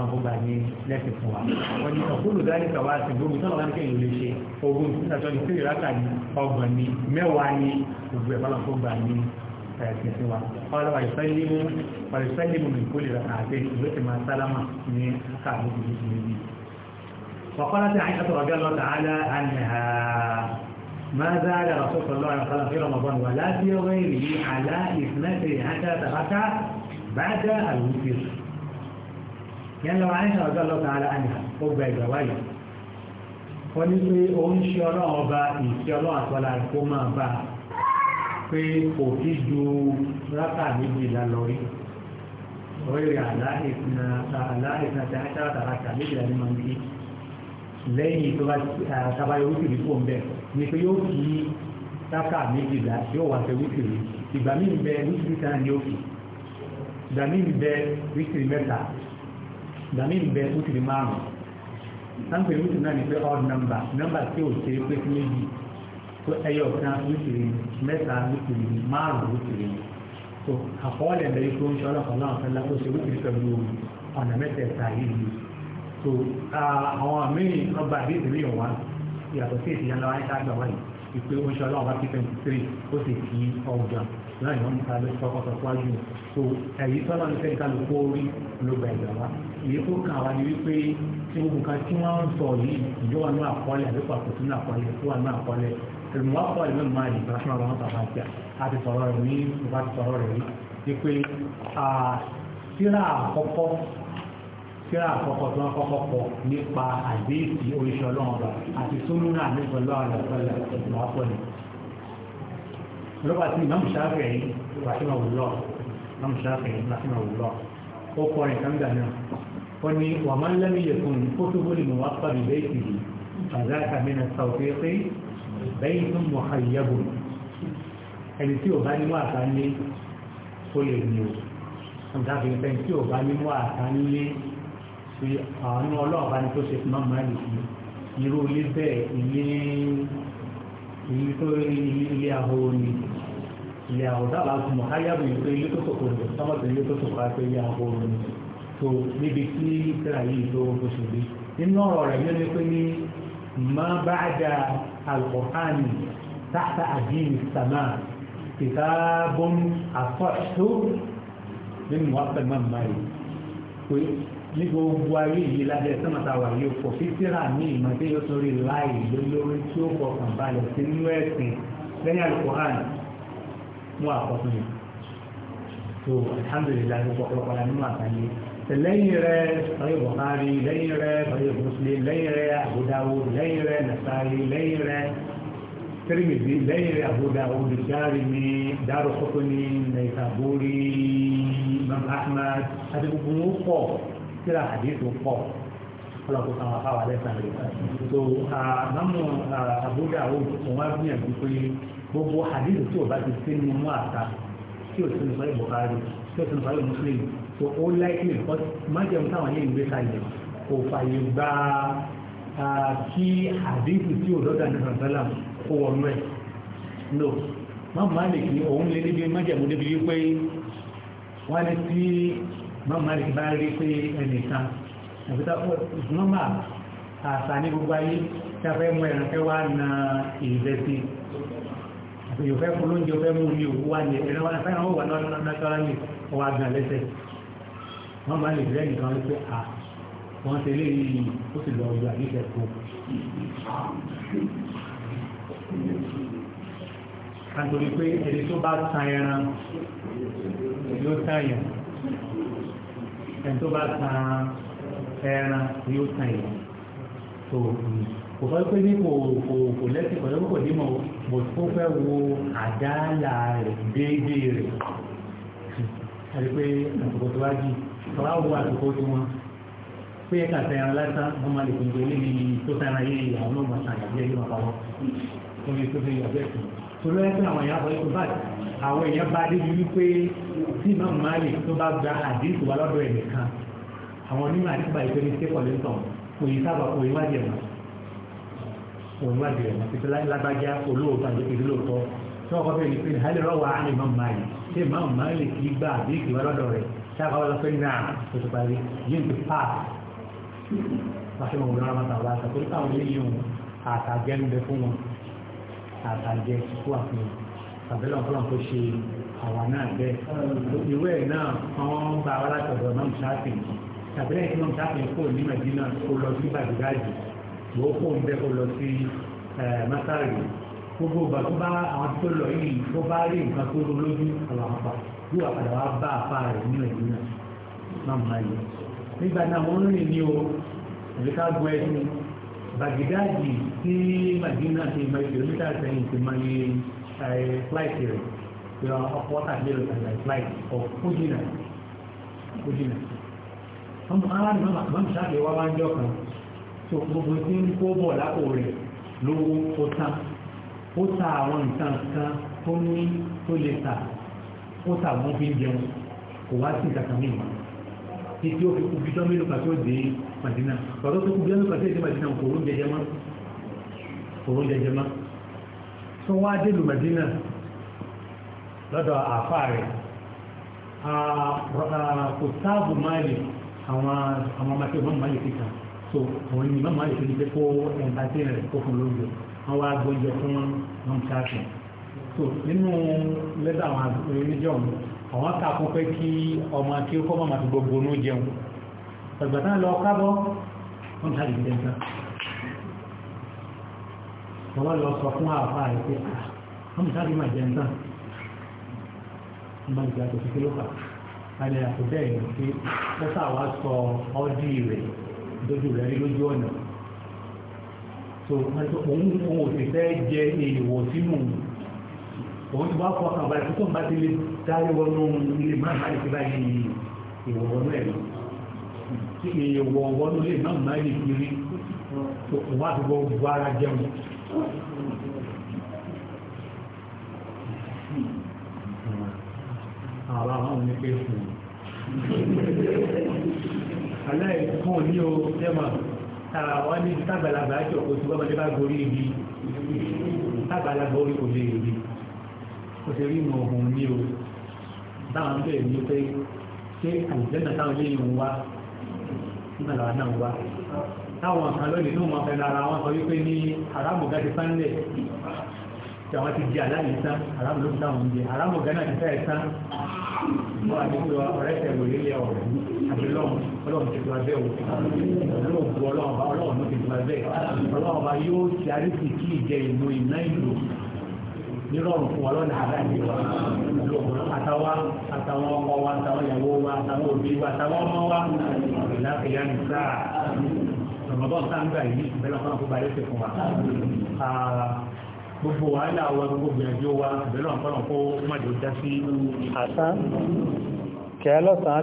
ọlọ́run kó gbà ní lẹ́sìn fún wa wọ́n ní ọ̀gbọ́n ìdáyé kàwá àti gbòmí tọ́lọ̀ wọn kéèyàn lè ṣe ogun ìfúnṣàtọ́ ní kéré rákà ní ọgbọ̀n ní mẹ́wàá ní gbogbo ẹ̀ ọlọ́run kó ní ẹ̀sìn fún wa ọlọ́run ìfẹ́lẹ́mú wà ìfẹ́lẹ́mú mi kó àti ìlú ti máa sálámà ní káàdùn ìlú ìlú وقالت عائشة رضي الله تعالى عنها ما زال رسول الله صلى الله عليه وسلم في رمضان ولا في غيره على اثنتين عشرة ركعة بعد الوتر yẹn lọ àìsàn ọjọ́ lọ́ta ara àyà ó gba ìgbà wáyé ó ní pé òun ṣe ọlọ́run ọba ìṣe ọlọ́run àtọ́lá kó máa bá a pé kò kí ju rákà méjìlá lọ rí orí àlá ìsìnà àlá ìsìnà tí a ṣáà tàrà kà méjìlá ní máa ń kí lẹ́yìn tó bá tabayọ wítìrì fún bẹ́ẹ̀ ni pé yóò kí rákà méjìlá yóò wá ṣe wítìrì ìgbà míì bẹ wítìrì kan ni ó kì ìgbà míì bẹ wítìrì mẹ́ta ìgbàmí ìbẹ̀ wítìrì márùn-ún sáńpẹ̀ wítìrì náà ní pé odd number number tí ò ṣe pé sí méjì tó ẹyọ kan wítìrì mẹ́ta wítìrì márùn-ún wítìrì tó àkọọ́lẹ̀ ẹ̀rẹ́ ikú ń ṣe ọlọ́kọ̀ọ́lá ọ̀fẹ́lá tó ṣe wítìrì pẹ̀lú ọ̀nà mẹ́tẹ̀ẹ̀ta yìí tó àwọn míì ọba àdéhùn mi wá ìyàtọ̀ sí ìsìyànlọ́wọ́ ayé ká gbà wáyé ìpé ó ń ṣe ọlọ́wọ́ láì wọ́n nípa ló sọ ọkọ̀ wájú so ẹ̀yí tọ́lá ní fẹ́ẹ́ ká ló kó orí ló gba ìgbà wa èyí tó kàn wá ni wípé tí gbogbo kan tí wọ́n ń sọ yìí ìjọba ní àkọọ́lẹ̀ àbí pàtó sínú àkọọ́lẹ̀ tó wà ní àkọọ́lẹ̀ ẹ̀rùmọ́ àkọọ́lẹ̀ mẹ́rin máa lè gbà fún àwọn bàbá àti àti sọ̀rọ̀ rẹ̀ ní bàbá àti sọ̀rọ̀ rẹ̀ yìí pé síra àkọ́kọ́ síra àkọ́kọ́ tí wọ́n kọ́kọ́ kọ nípa àdéhìí oríṣi ọlọ́run àti sólúnà àmì lọ́pàá tí ìmáàmù ṣáfẹ̀ yìí ràṣìmọ̀ wùlọ́ ìmáàmù ṣáfẹ̀ yìí ràṣìmọ̀ wùlọ́ ó kọ́ rìn kánga náà ó ní wà máa ń lẹ́mí yẹ̀kùn kó tó bó lè mọ̀ wá pàbí bẹ́ẹ̀ sì yìí bàzá kàmínà sàwọ́fẹ́ pé bẹ́ẹ̀ tó mọ̀ àyẹ̀bù ẹni tí ò bá ní wà bá ní ó lè ní o ọ̀dàbí ẹni tí ò bá ní wà bá ní ṣe àwọn ọlọ́ọ̀bá ni tó ṣe fún ọmọ ẹ̀ èyí tó ilé ahoro ni ilé ahoro dábà mọ̀ káyàbù yìí pé ilé tó sòkò ní sọ́mọ̀tì ilé tó sòkò á pé ilé ahoro ni tó níbi tí tẹ́lá yìí tó tó ṣe dé nínú ọ̀rọ̀ rẹ̀ yẹn ni pé ní má bá da alukọ̀hánì táta àdín sàmà kìtàbọ̀n àfọ̀ṣọ́ nínú wàá pẹ̀lú mọ́ ní gbogbo ayé yìí lábẹ́ sọ́mọ́ta wà yóò pọ̀ fífíra ní ìmọ̀tẹ́ yóò torí láì lólórí tí ó fọkàn balẹ̀ sí nínú ẹ̀sìn lẹ́yìn alukoran mú àkọ́tún yìí tó alhamdulilayi ló pọ̀pọ̀lọpọ̀ la nínú àtàlẹ́ lẹ́yìn rẹ̀ sọ́yìn Bukhari lẹ́yìn rẹ̀ sọ́yìn Muslim lẹ́yìn rẹ̀ Abu Dawud lẹ́yìn rẹ̀ Nasa'i lẹ́yìn rẹ̀ Tirmidhi lẹ́yìn rẹ̀ Abu Dawud Darimi Daraqutni Naisaburi Imam Ahmad àti gbogbo wọn pọ̀ tíra àdéhùn pọ̀ ọlọ́pọ̀ táwọn afáwà lẹ́sàn rẹ̀ so àmọ́ àbúdá òun wá gbìyànjú pé gbogbo àdéhùn tí ò bá ti sí ní mú àta tí ò sí ní sọ́yìn Buhari tí ò sí ní Muslim so ó láìpẹ́ nǹkan májèmú táwọn yẹn ń gbé kalẹ̀ kò fàyè gba kí àdéhùn tí ò lọ́dà ní sàǹtálà kó wọnú ẹ̀ no má má lè kí òun lé níbi májèmú débi wípé wọ́n á ní sí mọ́mọ́ rẹ̀ bá rí pé kan. àbúta mọ́mọ́ àṣà ní gbogbo ayé tí a fẹ́ mú ẹ̀ràn fẹ́ wá na ìrẹsì àbẹ̀yọ̀ fẹ́ fún lóúnjẹ fẹ́ mú mi òkú wá ní ẹ̀ràn wọn fẹ́ràn ó wà nọ́tọ́rọ́lì ọwọ́ àgbà lẹ́sẹ̀ mọ́mọ́ rẹ̀ rẹ̀ nìkan wípé à wọ́n ṣe lé ó sì lọ ọjọ́ àdíṣẹ́ kó nítorí pé ẹni tó bá tan ẹran yóò tàn yàn ẹni tó bá tan ẹran yóò tan ìlú tó kò fẹ́ pé ní kò kò kò lẹ́sìn kò lẹ́kọ̀ọ́ dì mọ́ bò tó fẹ́ wo àdáàlà rẹ̀ déédéé rẹ̀ àti pé àtòkò tó bá jì tọ́lá wo àtòkò tí wọ́n pé ẹ̀ka tẹ̀yàn lásán wọ́n máa lè fi gbé lé ní tó tẹ̀yàn ayé ìyàwó náà máa ṣàyàgbé ẹ̀yìn ọ̀pá wọn. torí pé àwọn èèyàn fọ́ àwọn èèyàn bá débi wípé tí Imam Malik tó bá gba àdínkù wa lọ́dọ̀ ẹ̀ nìkan àwọn onímọ̀ àdìgbà ìpele ṣe pọ̀ lẹ́tọ̀ òye sábà òye wájú ẹ̀ òun wájú ẹ̀ títí lágbájá olóòótọ́ àti ìdílé òótọ́ tí wọ́n kọ́ fẹ́ ni pé hálẹ̀ rọ́wà á ní Imam Malik ṣé Imam Malik kì í gba àdínkù wa lọ́dọ̀ rẹ̀ sábà wọ́n lọ pé náà tó ti parí yín àbẹ́lẹ̀ ọ̀pọ̀lọ̀ tó ṣe àwa náà bẹ́ẹ̀ ìwé ẹ̀ náà wọ́n gba wa láti ọ̀dọ̀ náà ṣáàpì àbẹ́lẹ̀ tí wọ́n ṣáàpì kò ní Mẹ́dínà kó lọ sí bàdìgáàjì ìwọ́ kó ń bẹ́ kó lọ sí mẹ́sàrì gbogbo ìgbà tó bá àwọn tó lọ yìí tó bá rí nǹkan tó rú lójú àwọn àpá yóò wà padà wá bá àpá rẹ̀ ní Mẹ́dínà náà máa yẹ nígbà náà wọ́n rìn ní o ìlúkà gbọ́ ẹ̀sìn bàdìgáàjì sí Mẹ́dínà ti mọ flight rẹ̀ pé ọkọ̀ tàbí ẹ̀rọ tàbí flight ọ̀ kó jìnà kó jìnà. wọ́n mú aláàbí mọ́mù sáfì wá máa ń jọ kan tó gbogbo tí ń kó bọ̀ lápò rẹ̀ lówó ó tán ó ta àwọn nǹkan kan tó ní tó lè tà ó tà wọ́n fi ń jẹun kò wá sí ìtàkùn mìíràn títí ó fi kú bíjọ́ mélòó kan tó dé Madina tí wọ́n á délùú Mẹ́dínà lọ́dọ̀ àfà rẹ̀ kò sáàbù máàlì àwọn amáṣẹ́ ìmọ̀ máàlì kíkà so àwọn ìmọ̀ máàlì tó ní pé kó ẹ̀ǹda sí rẹ̀ kó fún lóúnjẹ wọ́n wá gbóúnjẹ fún wọn ṣáàṣì so nínú lẹ́dà àwọn oníjọ́ eh, mi àwọn kà kún pé kí ọmọ kí ó kọ́ mọ̀ àti gbogbo onú jẹun ẹgbẹ̀tàn lọ kábọ̀ wọn ṣáàṣì jẹun wọ́n lọ sọ fún àfa rẹ̀ pé ah, ọmọ ìsáàbí máa jẹun tán ọmọ ìgbà tó fi kí ló fà àlẹ́ àkùdẹ́ ìlú pé lọ́sà wa sọ ọ́dí rẹ̀ lójú rẹ̀ rí lójú ọ̀nà tó òun òun ò sì fẹ́ jẹ èèwọ̀ sínú òun ti wá fọkàn balẹ̀ tó ń bá ti lè dárí wọnú ilé máa máa lè fi báyìí èèwọ̀ wọnú ẹ̀ lọ kí wọnú ilé máa máa lè fi rí òun wá fi bu ara jẹun àwọn àwọn ní pé fún aláìkún ní o jẹ́mọ̀ tààrà wọ́n ní tábàlàbà jọ kò sí gbọ́mọdé bá gorí ibi tábàlàbà orí kò lè rí kò sí rí mọ̀ ọ̀hún ní o táwọn bẹ̀rẹ̀ ní pé ṣé àìjẹ́nà táwọn lè wá táwọn kan lónìí ní ọmọ fẹ́ra ara wọn sọ wípé ní aráàmù gáàsì sánlẹ̀ tí àwọn ti di aláàlì sán aráàmù ló ń dáwọn oúnjẹ aráàmù gánà ti fẹ́ sán wọn àti ìlú ọ̀rẹ́ tẹ̀wò ilé ọ̀rẹ́ àti lọ́wọ́ ọlọ́run ti gba bẹ́ẹ̀ o ọlọ́run bu ọlọ́run bá ọlọ́run ló ti gba bẹ́ẹ̀ ọlọ́run bá yóò ti arísì kí ìjẹ ìlú iná ìlú nírọ̀rùn fún wa lọ́nà àdáyé wa àtàwọn àtàwọn ọmọ wa àtàwọn ìyàwó wa àtàwọn òbí wa àtàwọn ọmọ wa ìlànà ìyá nìsáà rọmọdọ́n tá ń gbà yìí ìbẹ́lẹ̀ ọ̀kan kó balẹ̀ ṣe fún wa gbogbo wàhálà wa gbogbo gbìyànjú wa ìbẹ́lẹ̀ ọ̀kan kó má jò dá sí àṣà kẹ́ lọ́sàn-án